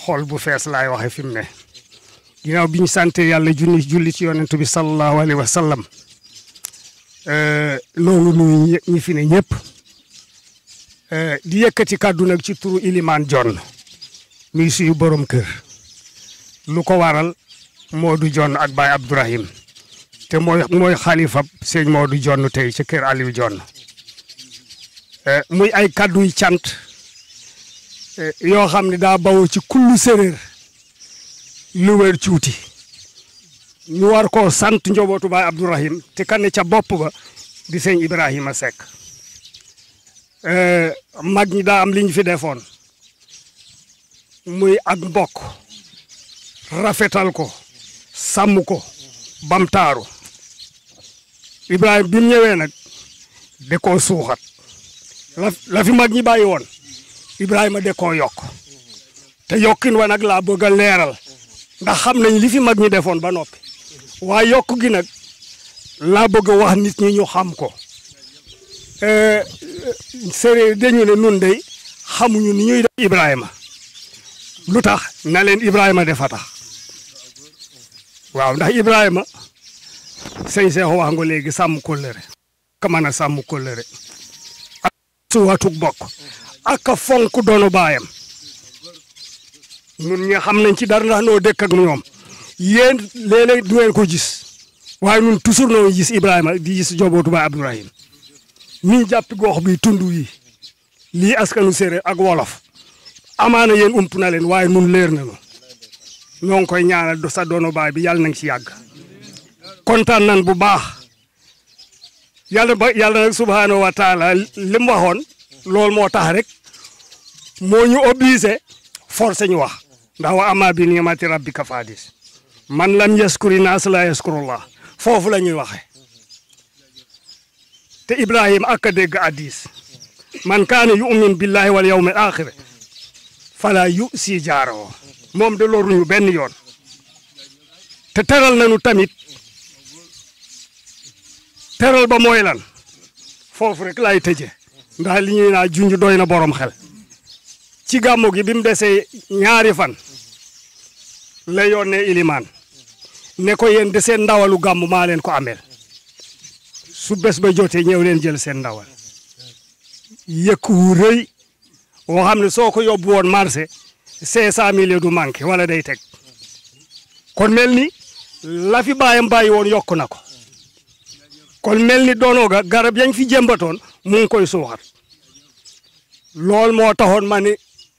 Speaker 2: xol bu fees laay waxe fi mu ne. ginnaaw bi ñu sant yàlla junni julli ci yonent bi sallallahu alayhi wa sallam. Euh, loolu nuyu ñi fi ñëpp. Eh, di yëkkati kàddu nag ci tur Ilimaan Jonn mi suñu borom kër lu ko waral Modou Jonn ak Baye Abdourahim te mooy mooy xalifab sëñ Modou Jonn tey ci kër Aliou Jonn eh, muy ay kàddu yu cant eh, yoo xam ni daa baw ci kullu séréer lu wér cuuti ñu war ko sant njobootu Baye Abdourahim te kan ca bopp ba di sëñ Ibrahima sek Eh, mag ñi daa am fi defoon muy ak mbokk rafetal ko sàmm ko bam taaru Ibrahima bi mu ñëwee nag da koo suuxat la mag ñi bàyyi woon Ibrahima da koo yokk te yokkin wa nag laa bëgg a leeral ndax xam nañ li fi mag ñi defoon ba noppi waaye yokk gi nag laa bëgg a wax nit ñi ñu xam ko Euh, séeréer dañu ne nun day xamuñu ni ñuy def Ibrahima lu tax na leen Ibrahima defa tax waaw ndax Ibrahima sëñ Cheikh wax nga léegi sàmm kóllëre ka mën a sàmm kóllëre ak suwaatuk bokk ak fonk doonu baayam nun ñi xam nañ ci dara ndax noo dëkk ak ñoom yéen léeg-léeg du ko gis waaye nun toujours noo gis Ibrahima di gis jobootu baay Abdourahim ñuy jàppi gox bi tund yi lii askanu séeréer ak wolof amaana yéen ump na leen waaye nun leer na nu ñoo ngi koy ñaanal sa doono baay bi yàlla nañ ci yàgg kontaan nan bu baax yàlla ba yàlla nag subhaanahu li waxoon loolu moo tax rek moo ñu obligé forcé ñu wax ndax wa ama bi ni'mati rabbika fadis man lam yaskuri naas la yaskurullah foofu la ñuy waxe te Ibrahima ak a dégg addis man kaana yu'min billahi wal yawmil axir fala yu si moom de loruñu benn yoon te teral nañu tamit teral ba mooy lan foofu rek laay tëje ndax li ñuy naa junj na borom xel ci gàmmu gi bi mu desee ñaari fan la yónnee ilimaan ne ko yéen de seen ndawalu gàmmu maa leen ko ameel su bés ba jotee ñëw leen jël seen ndawal yëkk wu rëy xam ne soo ko yóbbu woon marché cinq cent mille du manqué wala day teg kon mel ni lafi fi bàyyam bàyyi woon yokk na ko kon mel ni doonoo ga garab yañ fi jëmbatoon mu ngi koy suuxat loolu moo taxoon ma ne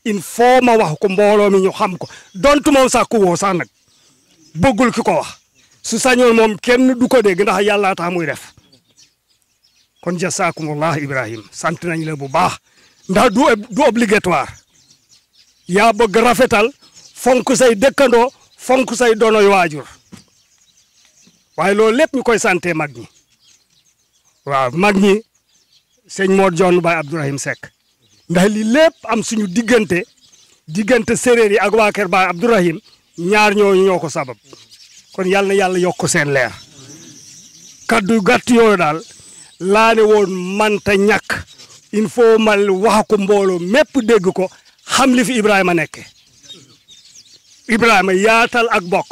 Speaker 2: il faut ma wax ko mbooloo mi ñu xam ko donte moom sax ku woo sax nag ki ko wax su sañoon moom kenn du ko dégg ndax yàllaa tax muy def kon jasaakumullah Ibrahim sant nañ la bu baax ndax du du obligatoire yaa bëgg rafetal fonk say dëkkandoo fonk say doonoy waajur waaye loolu lépp ñu koy sante mag ñi waaw mag ñi sëñ Mor Joon Baay Abdourahim Seck ndax li lépp am suñu diggante diggante séréer yi ak waa Kër Baay Abdourahim ñaar ñooñu ñoo ko sabab kon yàlla na yàlla yokk seen leer kaddu gàtt yooyu daal laa ne woon manta ñàkk il faut ma wax ko mbooloo mépp dégg ko xam li fi Ibrahima nekke Ibrahima yaatal ak bokk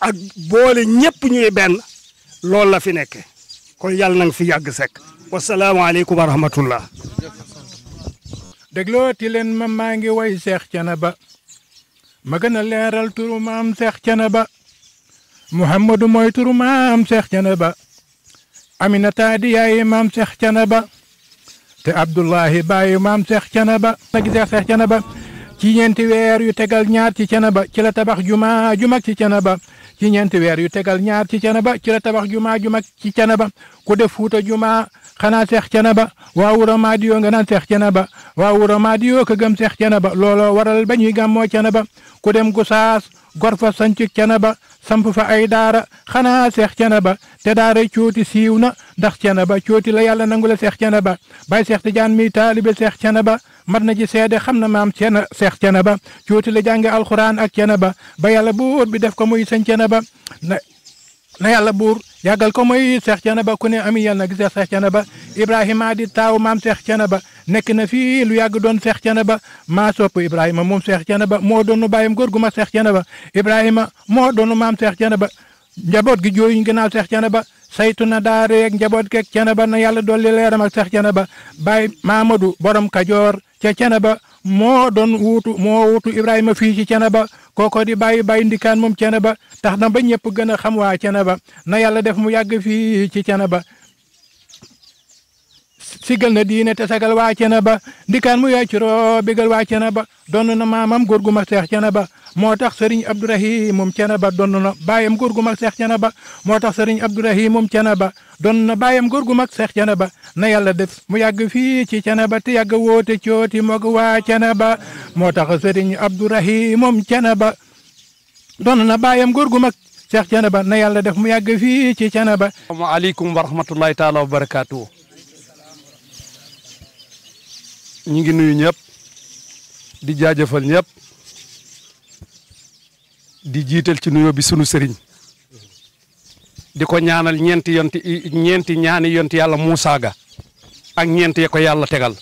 Speaker 2: ak boole ñëpp ñuy benn loolu la fi nekke kon yàlla na fi yàgg sekk
Speaker 8: wasalaamaaleykum
Speaker 2: wa rahmatullah
Speaker 8: déglooti leen ma maa ngi woy Seex Canaba ma gën a leeral turu maam Seex Canaba Muhammadu mooy turu maam Seex Canaba aminata di yaayi maam Cheikh Thiénaba te Abdullahi baayu maam Cheikh Thiénaba tagi Cheikh Cheikh Thiénaba ci ñeenti weer yu tegal ñaar ci Thiénaba ci la tabax juma ju mag ci Thiénaba ci ñeenti weer yu tegal ñaar ci Thiénaba ci la tabax juma ju mag ci Thiénaba ku def fuuta juma xanaa Cheikh Thiénaba waa wuro Madio nga naan Cheikh Thiénaba waa wuro Madio ka gëm Cheikh ba looloo waral ba ñuy gàmmoo ba ku dem Gusaas gor fa sanc Cenaba samp fa ay daara xanaa seex Cenaba te daara cooti siiw na ndax Cenaba cooti la yàlla nangu la seex Cenaba bay seex jaan mi taalibe seex Cenaba mat na ci seede xam na maam cena seex Cenaba cooti la jànge alxuraan ak Cenaba ba yàlla bu bi def ko muy sëñ Cenaba na yàlla buur yàggal ko mooy Cheikh Thiénaba ku ne ami yàlla na gisee Cheikh Thiénaba Ibrahima di taaw maam Cheikh Thiénaba nekk na fii lu yàgg doon Cheikh Thiénaba maa sopp Ibrahima moom Cheikh Thiénaba moo doonu bàyyam góor gu ma Cheikh Thiénaba Ibrahima moo doonu maam Cheikh Thiénaba njaboot gi jooyuñ gannaaw Cheikh Thiénaba saytu na daareeg njaboot keeg Thiénaba na yàlla dolli leeram ak seex Cheikh Thiénaba Baye Mamadou borom Kajoor ca Thiénaba moo doon wuutu moo wuutu Ibrahima fii ci Cenaba kooko di bàyyi bàyyi ndikaan moom ba tax na ba ñëpp gën a xam waa cene ba na yàlla def mu yàgg fii ci Cenaba sigal na diine te sagal waa ba ndikaan mu yaay ci roo bégal waa Cenaba doon na maamam góor gu ma seex ba moo tax sëriñ Abdourahim moom Thiénaba doon na baayam góor gu mag Seex Thiénaba moo tax sëriñ Abdourahim moom Thiénaba doon na baayam góor gu mag Seex Thiénaba na yàlla def mu yàgg fii ci Thiénaba te yàgg woote cooti moog waa Thiénaba moo tax sëriñ Abdourahim moom Thiénaba doon na baayam góor gu mag Seex Thiénaba na yàlla def mu yàgg fii ci Thiénaba.
Speaker 6: asalaamaaleykum wa rahmatulahi taala wa barakaatu. ñu ngi nuyu ñëpp di jaajëfal ñëpp. di jiital ci nuyoo bi sunu sëriñ di ko ñaanal ñeenti yonti ñeenti ñaani yonti yàlla Moussa ga ak ñeenti ya ko yàlla tegal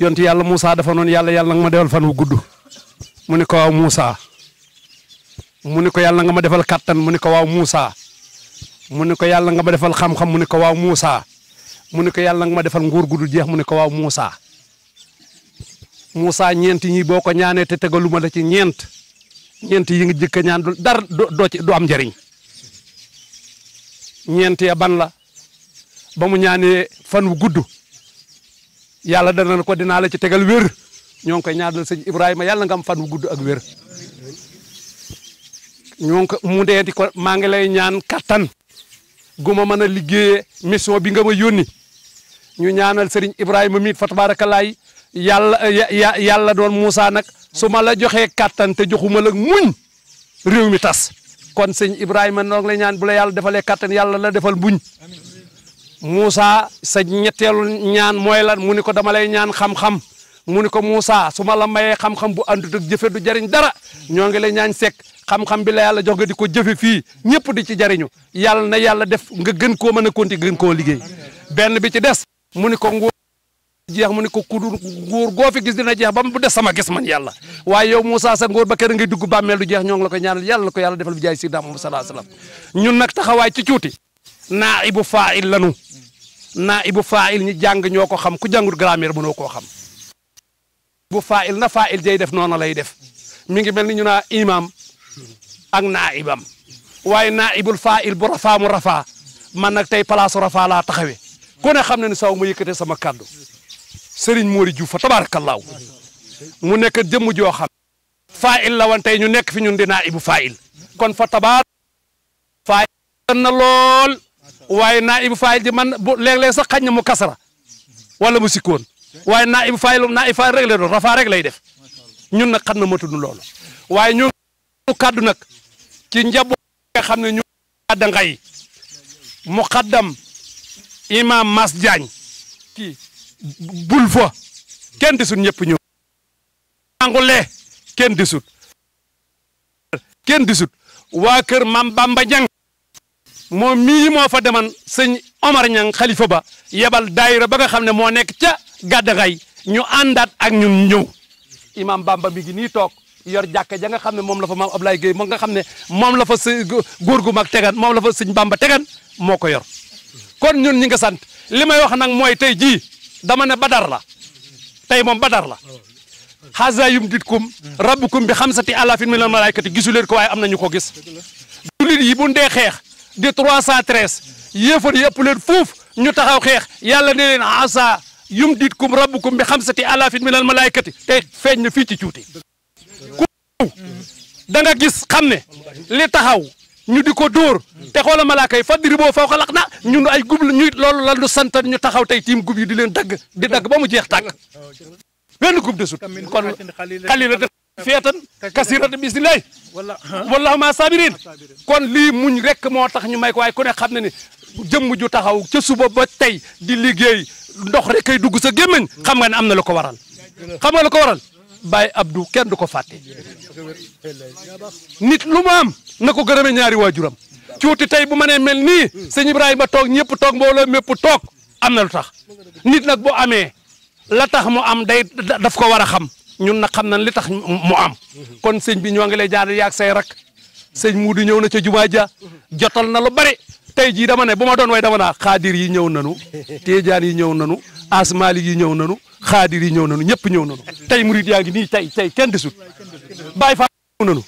Speaker 6: yonti yàlla Moussa dafa noonu yàlla yàlla nga ma defal fan wu gudd mu ni ko waaw Moussa mu ni ko yàlla nga ma defal kattan mu ni ko waaw Moussa mu ni ko yàlla nga ma defal xam-xam mu ni ko waaw muusaa mu ni ko yàlla nga ma defal nguur gudd jeex mu ni ko waaw Moussa Moussa ñeenti ñi boo ko ñaanee te tegaluma la ci ñeent. ñeent yi nga jëkk ñaan du dara doo ci du am njariñ ñeent ban la ba mu ñaanee fan wu gudd yàlla dana ko dinaa la ci tegal wér ñoo ngi koy ñaanal sëñ Ibrahima yàlla nga am fan wu gudd ak wér ñoo ko mu dee ko maa ngi lay ñaan kattan gu ma mën a liggéeyee mission bi nga ma yónni ñu ñaanal sëriñ Ibrahima miit fa tabaarakalaay yàlla yàlla doon Moussa nag su ma la joxee kattan te joxuma la muñ réew mi tas kon sëñ Ibrahima noo ngi lay ñaan bu la yàlla defalee kattan yàlla la defal buñ Moussa sa ñetteelu ñaan mooy lan mu ni ko dama lay ñaan xam-xam mu ni ko Moussa su ma la mayee xam-xam bu àndut ak jëfe du jariñ dara ñoo ngi lay ñaan sekk xam-xam bi la yàlla jox nga di ko jëfe fii ñëpp di ci jariñu yàlla na yàlla def nga gën koo mën a konti gën koo liggéey benn bi ci des mu ni ko jeex mu ne ko kudur góor goo fi gis dina jeex ba bu des sama gis man yàlla waaye yow Moussa sa ngóor ba kër ngay dugg bàmmeel du jeex ñoo ngi la koy ñaanal yàlla ko yàlla defal bi jaay si daam salaa salaam ñun nag taxawaay ci cuuti naa ibu faa'il lanu naa ibu faa'il ñi jàng ñoo ko xam ku jàngut grammaire mënoo koo xam bu na faa'il def noonu lay def mi ngi mel ni ñu naa imam ak naa ibam waaye naa ibul faa'il bu rafaa mu rafaa man nag tey palaasu rafaa laa taxawee ku ne xam na ne saw ma yëkkatee sama kàddu Serigne Mori Diouf fa tabaarakallaahu mu nekk jëmm joo xam faa'il la woon ñu nekk fi ñun di naa'ibu faa'il kon fa tabaar faa'il na lool waaye naa'ibu faa'il ji man bu léeg sax xañ na mu kasara wala mu sikkoon waaye naa'ibu faa'il naa'ibu faa'il rek lay doon rafaa rek lay def ñun nag xam na matuñu loolu waaye ñu kaddu nag ci njaboot nga xam ne ñu kadda ngay muqaddam imam Mas Diagne bul fa kenn desut ñëpp ñëw angulee kenn desut kenn desut waa kër mam Bamba Ñang moom mii moo fa deman sëñ Omar Ñang xalifa ba yebal daayira ba nga xam ne moo nekk ca gay ñu àndaat ak ñun ñëw imam Bamba mi gi ni toog yor jàkka ja nga xam ne moom la fa maam Ablaye Gueye moom nga xam ne moom la fa së góor gu mag tegan moom la fa sëñ Bamba tegan moo ko yor kon ñun ñi nga sant li wax nag mooy tey jii dama ne badar la tey moom badar la xasa yum dit kum rabbukum bi xamsati alafin min al malaykati gisu leen ko waaye am nañu ko gis jullit yi bu dee xeex di 313 yéefar yëpp leen fuuf ñu taxaw xeex yàlla ne leen xasa yum dit kum rabbukum bi xamsati alafin min al malaykati tey feeñ na fii ci cuuti ku da gis xam ne li taxaw ñu di ko dóor te xoola malaaka yi faddi riboo faw xalaq na ñun ay gub la ñuy loolu lan lu sant ñu taxaw tey tiim gub yi di leen dagg di dagg boo mu jeex tàkk benn gub de sut kon xalila def feetan kasirata bisimilahi
Speaker 8: wallahu ma sabirin
Speaker 6: kon lii muñ rek moo tax ñu may ko waaye ko ne xam ne ni jëmm ju taxaw ca suba ba tey di liggéey ndox rek kay dugg sa gémmiñ xam nga ne am na lu ko waral xam nga lu ko waral Baye Abdou kenn du ko fàtte nit lu mu am na ko gërëme ñaari waajuram cuuti tey bu manee mel nii sëñ Ibrahima toog ñëpp toog mbooloo mépp toog am na lu nit nag boo amee la tax mu am day daf ko war a xam ñun nag xam nañ li tax mu am kon sëñ bi ñoo ngi lay jaar yaag say rek sëñ Muudu ñëw na ca jumaa ja jotal na lu bari tey jii dama ne bu ma doon way dama naa xaadir yi ñëw nanu Tijaan yi ñëw nanu asmaalik yi ñëw nanu xaadir yi ñëw nañu ñëpp ñëw nañu tey murit yaa ngi nii tey tey kenn desut Baay Faal ñëw nañu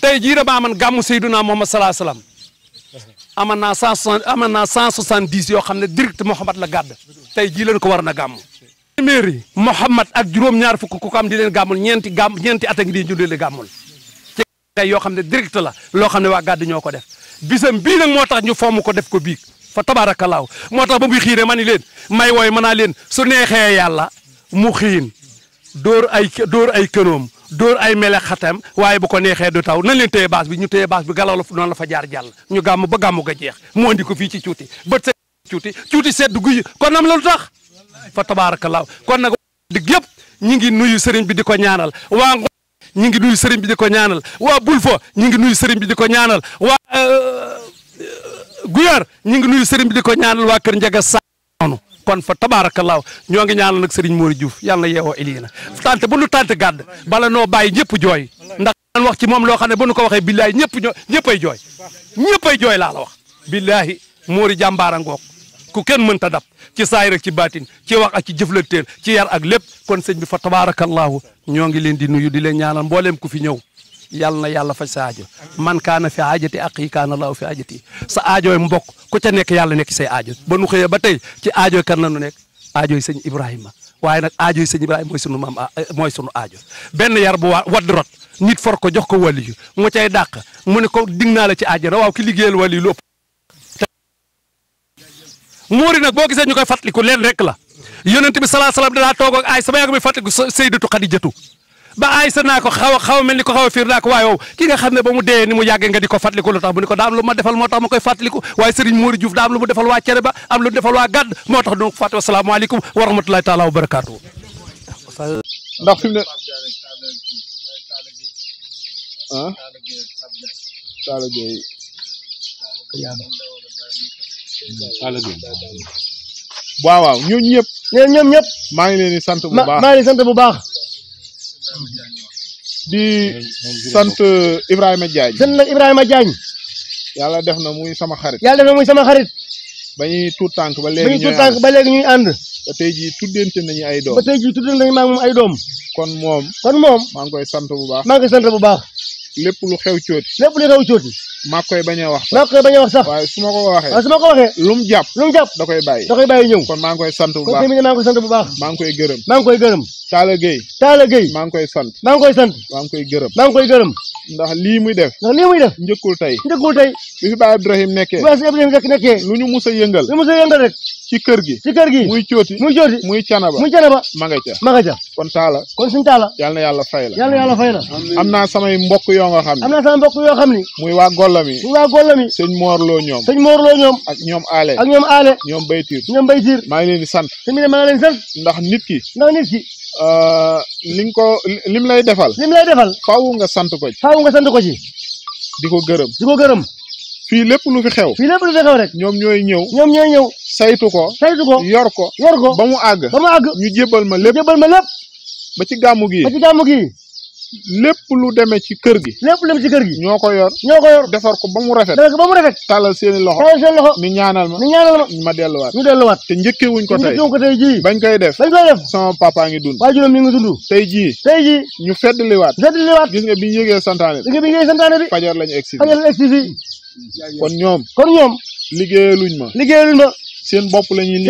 Speaker 6: tey jii damaa man gàmmu Seydunaa Muhammad salaam aman naa soixante aman yoo xam ne direct Mouhamad la gàdd tey jii ko war na gàmm téeméeri Mouhamad ak juróom-ñaar fukk ku ko am di leen gàmmul ñeenti gàmm ñeenti at a ngi di jundele yoo xam ne direct la loo xam ne waa gàdd ñoo ko def bisam bii nag moo tax ñu fomm ko def ko biig fa tabaarakallaahu moo tax ba muy xiine ma ni leen may wooy mën naa leen su neexee yàlla mu xiin door ay dóor ay kënoom dóor ay mele xatam waaye bu ko neexee du taw nañ leen téye baas bi ñu téye baas bi galaw la noonu la fa jaar jàll ñu gàmm ba gàmm ga jeex mu andi ko fii ci cuuti bët se cuuti cuuti sedd guy kon am la lu tax fa law kon nag digg yëpp ñi ngi nuyu sëriñ bi di ko ñaanal waa ñi ngi nuyu sëriñ bi di ko ñaanal waa bul fa ñi ngi nuyu sëriñ bi di ko ñaanal waa euh, guyaar ñu ngi nuyu sëriñ bi di ko ñaanal waa kër Njaga Sa noonu kon fa tabaarakallaahu ñoo ngi ñaanal nag sëriñ Mori Diouf yàlla yeewoo Eliina tante bu nu tante gàdd bala noo bàyyi ñëpp jooy ndax daan wax ci moom loo xam ne bu nu ko waxee billahi ñëpp ñoo ñëppay jooy ñëppay jooy laa la wax billahi Mori jàmbaara ngoog ku kenn mënta dab ci saay rek ci baatin ci wax ak ci jëflanteel ci yar ak lépp kon sëñ bi fa tabaarakallaahu ñoo ngi leen di nuyu di leen ñaanal mbooleem ku fi ñëw yàlla na yàlla faj sa aajo man kaana fi aajati ak yi kaana laaw fi aajati sa aajooy mbokk ku ca nekk yàlla nekk say aajo ba nu xëyee ba tey ci aajooy kan la nu nekk aajooy sëñ Ibrahima waaye nag aajooy sëñ Ibrahima mooy sunu maam mooy sunu aajo benn yar bu wadd rot nit for ko jox ko waliyu mu cay dàq mu ne ko dig naa la ci àjjana waaw ki liggéeyal waliyu lu ëpp muuri nag boo gisee ñu koy fàttaliku leen rek la yonent bi salaa salaam daa toog ak ay sama yàgg mi fàttaliku Sayyidatu Xadijatu ba ay sa naa ko xaw a mel ni ko xaw a fiir naa ko waaye wow ki nga xam ne ba mu dee ni mu yàggee nga di ko fàttaliku lu tax mu ni ko daam ma defal moo tax ma koy fàttaliku waaye Serigne Mori Diouf daam lu mu defal waa cere ba am lu mu defal waa gàdd moo tax donc fàtte wasalaamaaleykum wa rahmatulahi taala wa barakaatu ndax fi mu ne
Speaker 2: ah Talla Gueye waaw waaw ñooñu ñëpp ñoom ñëpp maa ngi leen di bu baax di sant Ibrahima Diagne. sant nag Ibrahima Diagne.
Speaker 3: yàlla def na muy sama
Speaker 2: xarit. yàlla def na muy sama xarit. ba ñuy tuut tànk ba léegi ñuy ànd ba ñuy tuut tànk ànd. tey jii tuddante nañu ay doom. ba tey jii tuddante nañu maa moom ay doom. kon moom. kon moom. maa ngi koy sant bu baax. maa ngi koy sant bu baax. lépp lu xew cooti. lépp lu xew cooti. maa koy bañ a wax sax a wax sax waaye su ma ko waxee waaye ma ko waxee lu jàpp lu jàpp da koy bàyyi da koy bàyyi ñëw kon maa ngi koy sant bu baax kon maa ngi koy sant bu baax maa ngi koy gërëm maa ngi koy gërëm Talla Gueye Talla Gueye maa ngi koy sant maa ngi koy sant maa ngi koy gërëm maa ngi koy gërëm ndax lii muy def ndax lii muy def njëkkul tey njëkkul tey bi fi Baye Abdourahim nekkee bi a a muy cooti muy cooti muy canaba muy canaba ma nga ca ma nga ca kon taala kon suñu taala yàlla na yàlla fay la yàlla na yàlla fay la am naa samay mbokk yoo nga xam ne ni muy waa Golla Gollami. suñu waa Gollami. sëñ Mor Lo ñoom. sëñ Mor Lo ñoom. ak ñoom Aale. ñoom Aale. ñoom Baytiir. ñoom Baytiir. maa ngi leen sant. sëñ bi ne sant. ndax nit ki. ndax nit ki. Euh, li nga ko lim lay defal. lim lay defal. faaw nga sant ko ci. faaw nga sant ko ci. di ko gërëm. di ko gërëm. fii lépp lu fi xew. fii lépp lu fi xew rek. ñoom ñooy ñëw. ñoom ñooy saytu ko. saytu ko yor ko. yor ko ba mu àgg. ba ñu jébbal ma lépp. jébbal ma lépp. ba ci gàmmu gii. lépp lu demee ci kër gi. ñoo ko yor. ñoo ko yor defar ko ba mu rafet. defar ko ba mu rafet. tàllal loxo. tàllal ñaanal ma ni ñaanal ma. ma delluwaat ñu delluwaat. te njëkkee wuñ ko tey njëkkee wuñ ko tey jii. bañ koy def bañ koy def. sama papa ngi dund. waajuram mi ngi dund. tey jii. tey ñu feddliwaat. feddliwaat. gis nga bi ñu yëgee santaane bi. gis bi ñu yëgee santaane bi. fajar lañu egsi. fajar lañu egsi kon ñoom. kon ñoom. liggéeyaluñ ma. seen bopp la ñuy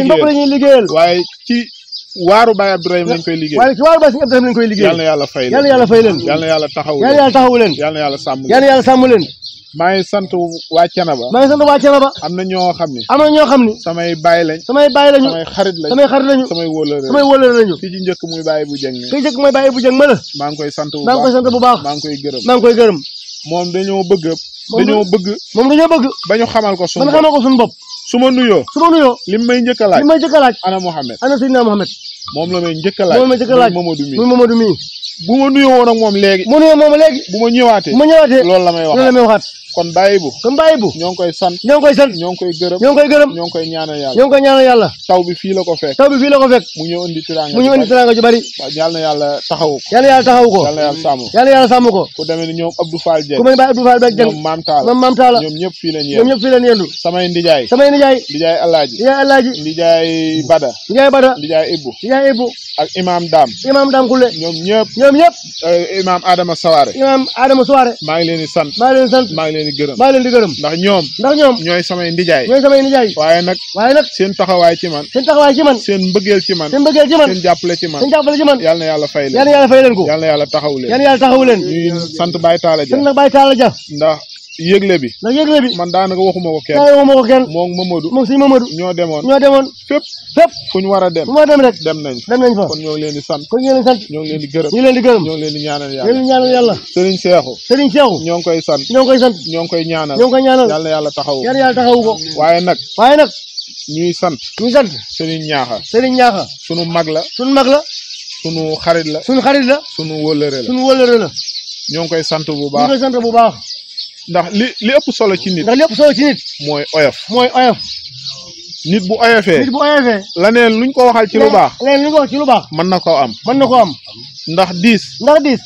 Speaker 2: liggéeyal waaye ci waaru Baye Abdourahim lañ koy liggéey waaye ci waaru Baye Serigne Abdourahim lañ koy liggéey yal na yàlla fay leen yal na yàlla fay leen yal na yàlla taxawu na yàlla taxawu leen yal na yàlla maa sant waa Thiénaba maa sant waa Thiénaba am na ñoo xam ne am na ñoo xam ne samay baay lañ samay baay lañu samay xarit lañ samay xarit lañu samay wóolóore samay wóolóore lañu ki ci njëkk muy Baye bu jëng ki ci njëkk muy bu jëng maa ngi koy sant bu baax maa ngi koy sant bu baax maa ngi koy gërëm maa ngi koy gërëm moom dañoo bëgg dañoo bëgg moom dañoo bëgg ba ñu ko suñu su ma nuyoo su ma nuyoo lim may njëkk a lim may njëkk a laaj ana Mouhamed ana Seydina Mouhamed moom la may njëkk a moom la may njëkk a laaj Mamadou mi Mamadou mi bu ma nuyoo woon moom léegi ma nuyoo moom léegi bu ma ñëwaatee bu ma ñëwaatee loolu la may waxaat loolu la may waxaat kon bàyyi bu kon bàyyi bu ñoo ngi koy sant ñoo koy sant ñoo koy gërëm ñoo koy gërëm ñoo taw bi fii la ko fekk taw bi fii la ko fekk mu ñëw indi tiraanga mu bari yàlla na taxawu ko yàlla yàlla taxawu ko yàlla yàlla sàmm yàlla yàlla sàmm ko ku demee ni ñoom Abdou Fall Dieng ku mel ni Baye Abdou Fall Dieng ñoom Maam Taala ñoom Maam Taala ñoom ñëpp fii lañ yendu ñoom ñëpp fii lañ yendu samay ndijaay samay ndijaay ndijaay ndijaay Bada ndijaay Bada ndijaay Ibbu ndijaay Ibbu ak Imam Dam Imam Dam Kule ñoom ñëpp ñëpp euh, Imam leen di gërëm maa leen di gërëm ndax ñoom ndax ñoom ñooy samay ndijaay ñooy samay ndijaay waaye nag waaye nag seen taxawaay ci man seen taxawaay ci man seen mbëggeel ci man seen mbëggeel ci seen jàppale ci man na yàlla fay leen yàlla fay leen ko yàlla na yàlla taxaw leen yàlla na yàlla taxaw leen sant Baye Talla Dia ndax yëgle bi man daanaka waxuma ko kenn waxuma ko kenn moom Mamadou moom suñu Mamadou ñoo demoon ñoo demoon fépp fépp fu ñu war a dem fu ñu a dem rek dem nañ dem nañ fa kon ñoo ngi leen di sant kon ñoo ngi leen di di gërëm ñu leen di gërëm ñoo ngi leen di ñaanal yàlla leen di ñaanal yàlla Serigne Cheikhou ñoo ngi koy sant ñoo koy sant ñoo ngi koy ñaanal ñoo ngi koy ñaanal yàlla yàlla taxawu yàlla yàlla taxawu ko waaye nag waaye nag ñuy sant ñuy sant Serigne Ñaaxa Serigne Ñaaxa sunu mag la sunu mag la sunu xarit la sunu xarit la sunu wëllëre la la ñoo ngi koy sant bu baax ñoo bu baax ndax li li ëpp solo ci nit. ndax li ëpp solo mooy oyof. mooy oyof. nit bu oyofee. nit bu oyofee. laneen luñ ko waxal ci lu baax. laneen luñ ko waxal ci lu baax. mën na koo am. mën na koo am. ndax diis. ndax diis.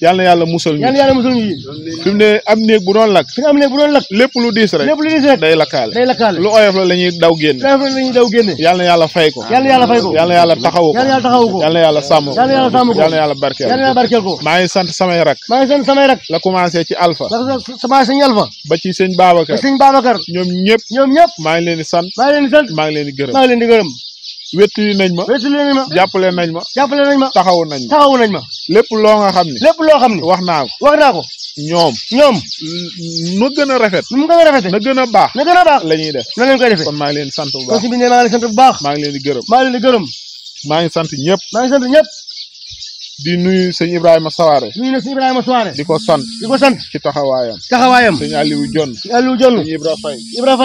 Speaker 2: yàlla na yàlla musal ñu yàlla na yàlla musal ñu fi mu ne am néeg bu doon lakk fi nga am néeg bu doon lakk lépp lu diis rek lépp lu diis rek day lakkaale day lakkaale lu oyof la la ñuy daw génne la ñuy daw génne yàlla na yàlla fay ko yàlla na yàlla fay ko yàlla na yàlla taxawu ko yàlla na yàlla taxawu ko yàlla na yàlla sàmm ko yàlla na yàlla sàmm ko yàlla na yàlla barkeel yàlla na yàlla barkeel ko maa ngi sant samay rak maa ngi sant samay rak la commencé ci alpha la commencé ci alpha ba ci sëñ Babacar ba sëñ Babacar ñoom ñëpp ñoom ñëpp maa ngi leen di sant maa ngi leen di sant maa ngi leen di gërëm maa ngi leen di gërëm wettali nañ ma wettali nañ ma jàppale nañ ma jàppale nañ ma taxawu nañ ma taxawu nañ ma lépp loo nga xam ne lépp loo xam ne wax naa ko wax naa ko ñoom ñoom na gën a rafet nu mu gën a rafetee na gën a baax na gën a baax la ñuy def na leen koy defee kon maa ngi leen sant bu baax bi ne baax maa ngi leen di gërëm maa maa ngi sant ñëpp maa ngi sant ñëpp di nuyu sëñ Ibrahima Sawaare. nuyu na di ko sant di ko sant. ci taxawaayam. taxawaayam sëñ Aliou Dione. Aliou Dione sëñ Ibra Faye. Ibra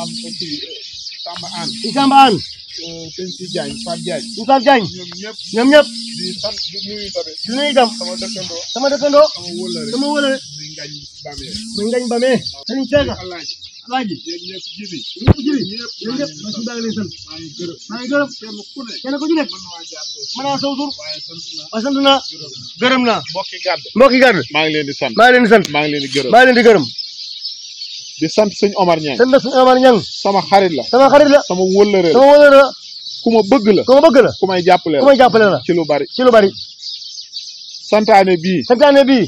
Speaker 8: euh, Samba Aan di Samba
Speaker 2: Aan. sëñ si Diagne Pape Diagne. ñu Pape Diagne. ñoom ñëpp ñoom ñëpp.
Speaker 8: di sant di nuyu tamit. di nuyu tam. sama dëkkandoo.
Speaker 2: sama dëkkandoo. sama wóolare sama wóolare.
Speaker 8: muy ngañ Bamee. muy
Speaker 2: ngañ Bamee. sëñ Seega Alaaji. Alaaji. yéen ñëpp jibi. ñëpp jibi ñëpp ñëpp ñëpp. ma si bàyyi lay sant. maa ngi gërëm maa ngi gërëm. kenn ku ne. kenn ku ci nekk. mën naa saw tur. waaye sant naa. waaye sant naa. gërëm naa. mbokki gàdd. mbokki gàdd. maa ngi leen di sant. maa ngi leen di sant. maa ngi leen di gërëm. maa ngi leen di gërëm. di sant sëñ Omar Niang. sant sama xarit la. sama xarit la sama wëllëre la sama wëllëre la. ku ma bëgg la. ku ma bëgg la. ku may jàppale la ku ci lu bari ci lu bari. santaane bii. bii.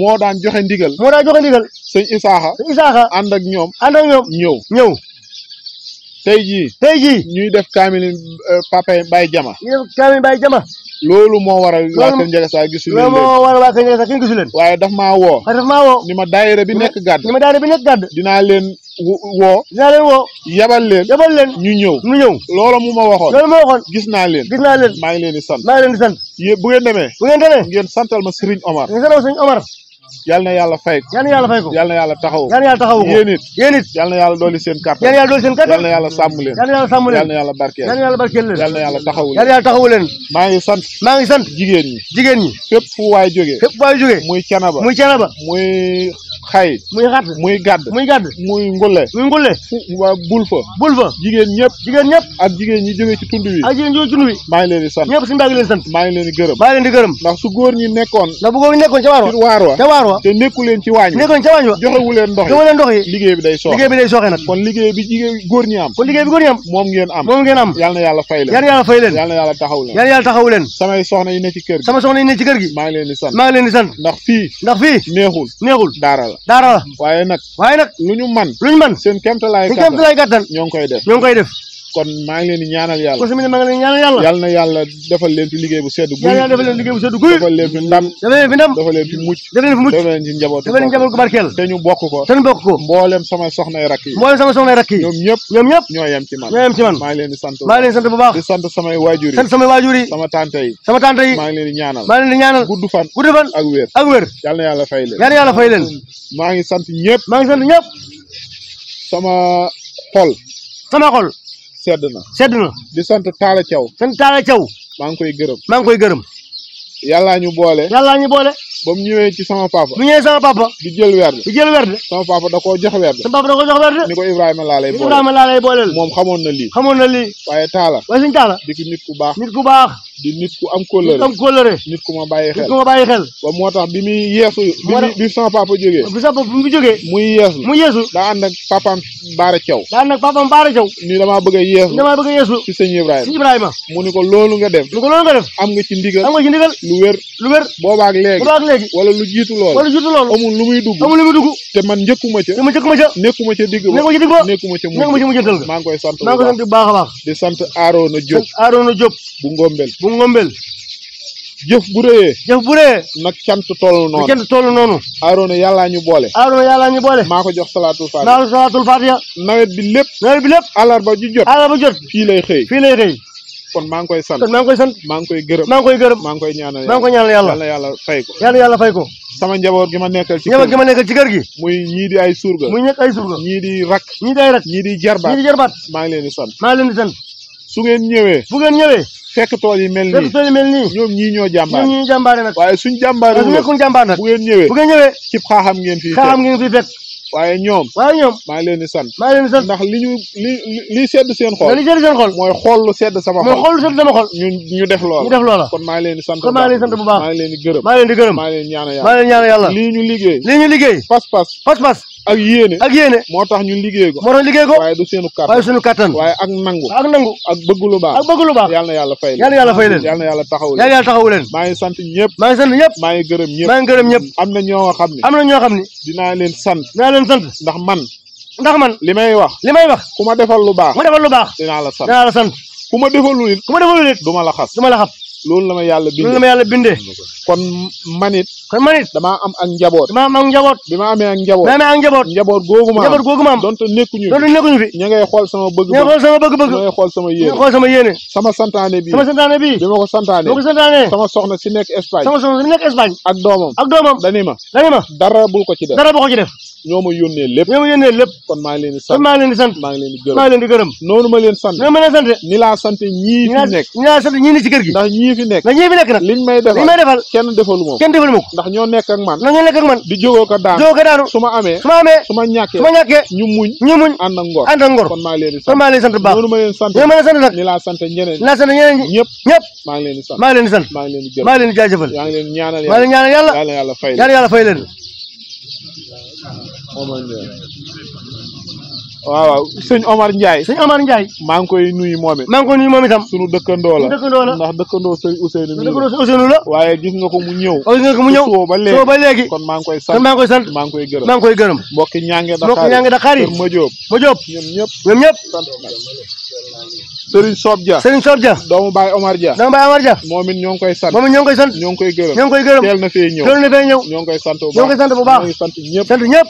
Speaker 2: moo daan joxe ndigal. moo daan joxe ndigal. sëñ Isaaxa. sëñ Isaaxa ànd ak ñoom. ànd ñoom ñëw ñëw. tey jii tey jii ñuy def kaamil euh, papa Baye Jama ñuy def kaamil Baye Jama loolu moo
Speaker 8: waral waa Kër Ndiaga Sarr gisu leen loolu moo
Speaker 2: waral waa Kër Ndiaga Sarr leen waaye daf maa woo waaye daf maa woo bi nekk gàdd ma daayira bi nekk gàdd dinaa leen woo dinaa leen woo yabal leen yabal leen ñu ñëw ñu ñëw loolu mu ma waxoon loolu ma waxoon gis naa leen gis naa leen maa ngi leen di sant maa ngi leen di sant yé bu ngeen demee bu ngeen demee ngeen santal ma Serigne Omar ngeen santal ma Serigne Omar yal na yàlla fay ko yal na yàlla fay ko yal na yàlla taxawu yal na yàlla taxawu ko yéen it yéen it yal na yàlla dooli seen kàttan yal na yàlla dooli seen kàttan yal na yàlla sàmm leen yal na yàlla sàmm leen yal na yàlla sant jigéen ñi jigéen ñi fépp fu waay jógee fépp fu waay muy canaba muy canaba muy xay muy xat muy gàdd muy gàdd muy ngule bul fa bul fa jigéen ñëpp jigéen ñëpp ak jigéen ñi jógee ci tund wi ak jigéen ñi jógee ci tund wi maa ngi leen jigéen ñi am ci kër gi sama soxna yi ne ci leen di sant maa ngi ndax fii ndax fii neexul neexul daara la daara la waaye nag waaye nag lu ñu man lu ñu man seen kéemtalaay gàttal ñoo ngi koy def ñoo ngi koy def kon maa ngi leen di ñaanal yàlla ko su mel ne maa ngi leen di ñaanal yàlla yàlla na yàlla defal leen fi liggéey bu sedd guy yàlla defal leen liggéey bu sedd guy defal leen fi ndam defal leen fi ndam defal leen fi mucc defal leen fi mucc defal leen ci njaboot defal leen njaboot gu barkeel te ñu bokk ko te ñu bokk ko mboolem sama soxnay rakk yi mboolem sama soxnay rakk yi ñoom ñëpp ñoom ñëpp ñoo yem ci man ñoo yem ci man maa ngi leen di sant maa ngi leen di sant bu baax di sant samay waajur yi sant samay waajur yi sama tante yi sama tante yi maa ngi leen di ñaanal maa ngi leen di ñaanal gudd fan gudd fan ak wér ak wér yàlla na yàlla fay leen yàlla na yàlla fay leen maa ngi sant ñëpp maa ngi sant ñëpp sama xol sama xol sedd na sedd na di sant Talla Thiaw sant Talla Thiaw maa ngi koy gërëm maa ngi koy gërëm yaa ñu boole yàllaa ñu boole ba mu ñëwee ci sama papa mu jël werd di jël werd sama papa da koo jox werd ni ko Ibrahima laa lay booleel moom xamoon na lii xamoon na lii waaye taala waaye suñu taala di ki nit ku baax nit ku baax di nit ku am kóllëre nit ku ma bàyyi xel ba moo tax bi muy yeesu bi sama papa jógee bi sama papa bi mu jógee muy yeesu muy yeesu daa ànd ak papaam baara caw daa ànd ak papaam baara caw ni damaa bëgg a yeesu damaa a yeesu ci sëñ Ibrahima sëñ Ibrahima mu ni ko loolu nga def ni ko loolu nga def am léegi wala lu jiitu loolu wala jiitu loolu amul lu muy dugg amul lu muy dugg te man njëkkuma ca te man njëkkuma ca nekkuma ca digg ba nekkuma ca digg ba nekkuma ca mujjantal ga maa ngi koy sant maa ngi baax a baax di sant Arona Diop Arona Diop bu ngombel bu ngombel jëf bu réyee jëf bu réyee nag cant toll noonu cant toll noonu ñu boole Arona yàllaa ñu boole maa ko jox salaatul faatiha maa nawet bi lépp nawet bi lépp alarba ju jot alarba jot fii lay lay xëy kon maa ngi koy sant kon maa ngi koy maa ngi koy gërëm maa ngi koy gërëm maa ngi koy ñaanal yàlla maa ngi koy ñaanal yàlla yàlla yàlla fay ko yàlla sama njaboot gi ma nekkal ci njaboot gi ma nekkal ci kër gi muy ñii di ay surga muy ñett ay surga ñii di rak ñii di ay rak ñii di jarbaat ñii di jarbaat maa ngi leen di sant maa ngi leen di ñëwee bu ngeen ñëwee fekk tool yi mel nii fekk tool mel nii ñoom ñii ñoo jàmbaar ñoom ñii jàmbaare nag waaye suñ jàmbaare nag bu ngeen ñëwee bu ngeen ñëwee cib xaaxam ngeen ngeen fii fekk waaye ñoom. waaye ñoom maa ngi leen di sant. maa ngi leen di sant ndax li ñu li li sedd seen def loola. ñu def loola maa ngi sant. kon maa ngi leen di sant bu leen di gërëm. maa lii ñu liggéey. lii ñu liggéey. pas pas pas pas. ak yéene ak yéene moo tax ñu liggéey ko moo tax liggéey ko waaye du seenu kàttan waaye suñu kàttan waaye ak nangu ak nangu ak bëgg lu baax ak bëgg lu yàlla yàlla fay leen yàlla na yàlla fay leen yàlla na
Speaker 8: yàlla taxaw leen yàlla na yàlla
Speaker 2: taxaw leen maa ngi sant ñëpp maa gërëm ñëpp maa gërëm ñëpp am na ñoo xam ne dinaa leen sant dinaa leen sant ndax man ndax man li may wax li may wax ku ma defal lu baax ma defal lu baax dinaa la sant dinaa la sant ku ma defalul it ku ma defalul it la xas du la xas loolu la ma yàlla bindee loolu la ma kon manit kon manit damaa am am ak njaboot. bi ma amee ak njaboot. bi ma amee ak njaboot. njaboot googu ma am njaboot ma am. donte nekkuñu donte nekkuñu fi. ña xool sama bëgg-bëgg. ña ngay xool sama bëgg-bëgg. xool sama yéene. ña ngay xool sama sama santaane bii. bi ma ko santaane. bi ma ko santaane. sama soxna si nekk Espagne. si nekk Espagne. ak doomam. ak doomam. dara bul ko ci def. dara bul ko ci def. ñoo ma yónnee lépp ñoo ma lépp maa ngi leen di sant kon maa ngi leen di sant maa ngi leen di gërëm maa ngi leen di gërëm noonu ma leen sant noonu ma ñoo ma amee su ma amee su ma ñàkkee su ma ñàkkee ñu muñ ñu muñ ànd ak ngor ànd ak ngor kon sant maa leen di sant maa leen di sant maa leen di sant maa maa leen di jaajëfal maa ngi leen Omar Ndiaye waaw waaw sëñ Omar Ndiaye. sëñ Omar Ndiaye. maa ngi koy nuyu moom it. maa ngi koy nuyu moom itam. sunu dëkkandoo la dëkkandoo la ndax dëkkandoo sëñ Ousseynou. dëkkandoo sëñ Ousseynou la. waaye gis nga ko mu ñëw. gis nga ñëw soo ba léegi kon maa ngi koy sant maa ngi koy sant maa ngi gërëm. maa ngi koy gërëm. mbokki ñaange Dakar yi mbokki ñaange Dakar yi. ma Diop ma Diop ñoom ñëpp ñoom ñëpp sant na. Serigne Sob Dia Serigne Sob Dia doomu Baye Omar Dia doomu Baye Omar Dia moom it ñoo ngi koy sant moom it ñoo ngi koy sant ñoo ngi koy gërëm ñoo ngi koy gërëm teel na fee ñëw teel na fee bu baax ñoo sant bu ñëpp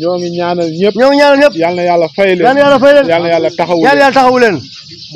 Speaker 2: ñoo ngi ñaanal ñëpp ñoo yal na yàlla fay yal na yàlla fay leen yal na yàlla taxawu leen yal na yàlla taxawu leen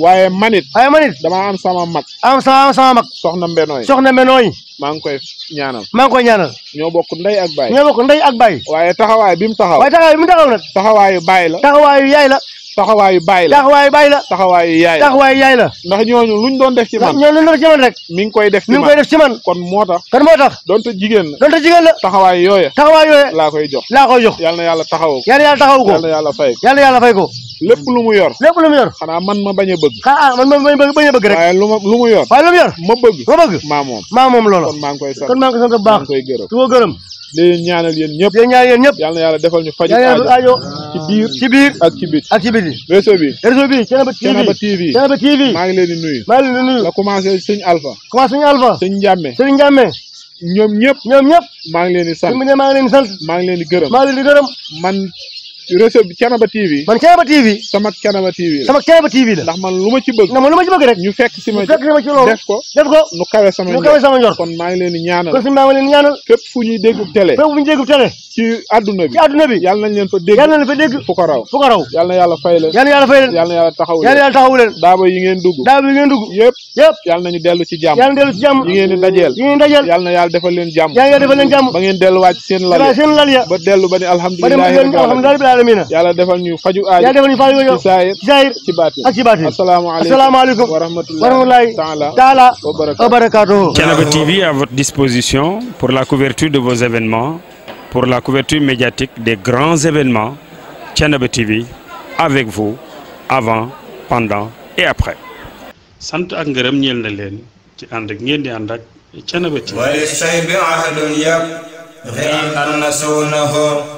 Speaker 2: waaye manit waaye manit damaa am sama mag am sama sama mag soxna mbenooy soxna mbenooy maa ngi koy ñaanal maa ngi koy ñaanal ñoo bokk ndey ak baay ñoo bokk ndey ak baay waaye taxawaay bi mu taxaw waaye taxawaay bi mu taxaw nag taxawaayu baay la taxawaayu yaay la taxawaayu baay la taxawaayu baay la taxawaayu yaay la taxawaayu yaay la ndax ñooñu luñ doon def ci man ñooñu luñ doon def ci man rek mi ngi koy def ci man ngi koy def ci man kon moo tax kon moo tax donte jigéen la donte jigéen la taxawaayu yooya taxawaayu yooya laa koy jox laa koy jox yal na yàlla taxawu yàlla taxawu ko yal na yàlla fay ko yal na yàlla fay ko lépp lu mu yor lépp lu mu yor xanaa man ma bañ a bëgg xanaa ah, man ma bañ a bëgg rek lu ma lu mu yor waaye lu mu yor ma bëgg ma bëgg maa moom maa moom loola kon maa ngi koy sant kon koy sant bu baax koy gërëm léegi ñaanal yéen ñëpp léegi ñaanal yàlla defal ñu faju aajo ci biir ak ci ak ci biti réseau bi réseau bi Thiénaba TV Thiénaba TV Thiénaba maa ngi leen di nuyu maa ngi leen nuyu la commencé sëñ Alpha commencé sëñ Alpha sëñ Njàmme sëñ Njàmme ñoom ñëpp ñoom ñëpp maa ngi leen di sant maa ngi leen di maa ngi leen di gërëm maa ngi leen di gërëm réseau TV. man Thiénaba TV. sama Thiénaba TV la. ndax man lu ma ci bëgg. ndax man lu ma ci bëgg rek. ñu fekk si ma ci loolu def ko. nu kawe sama njor kon maa leen ñaanal. kon fi maa ngi leen ñaanal. fépp fu ñuy dégg télé. fépp fu ñuy dégg télé. ci àdduna bi ci àdduna bi. leen fa dégg fu ko raw fu ko raw. yàlla na yàlla fay leen. yàlla
Speaker 8: na yàlla taxawu
Speaker 2: leen. daaba yi ngeen dugg. daaba yi ngeen dugg. yëpp dellu ci jàmm. yi ngeen di dajeel. yi ngeen dajeel. yàlla na yàlla defal leen alamina yàlla defal ñu faju aajo yàlla defal ñu faju aajo ci zahir ci baatin ak ci baatin asalaamaaleykum wa rahmatulahi taala wa barakatuhu Thiénaba TV à votre disposition pour la couverture de vos événements pour la couverture médiatique des grands événements Thiénaba TV avec vous avant pendant et après sant ak ngërëm ñeel na leen ci ànd ak ngeen di ànd ak Thiénaba
Speaker 5: TV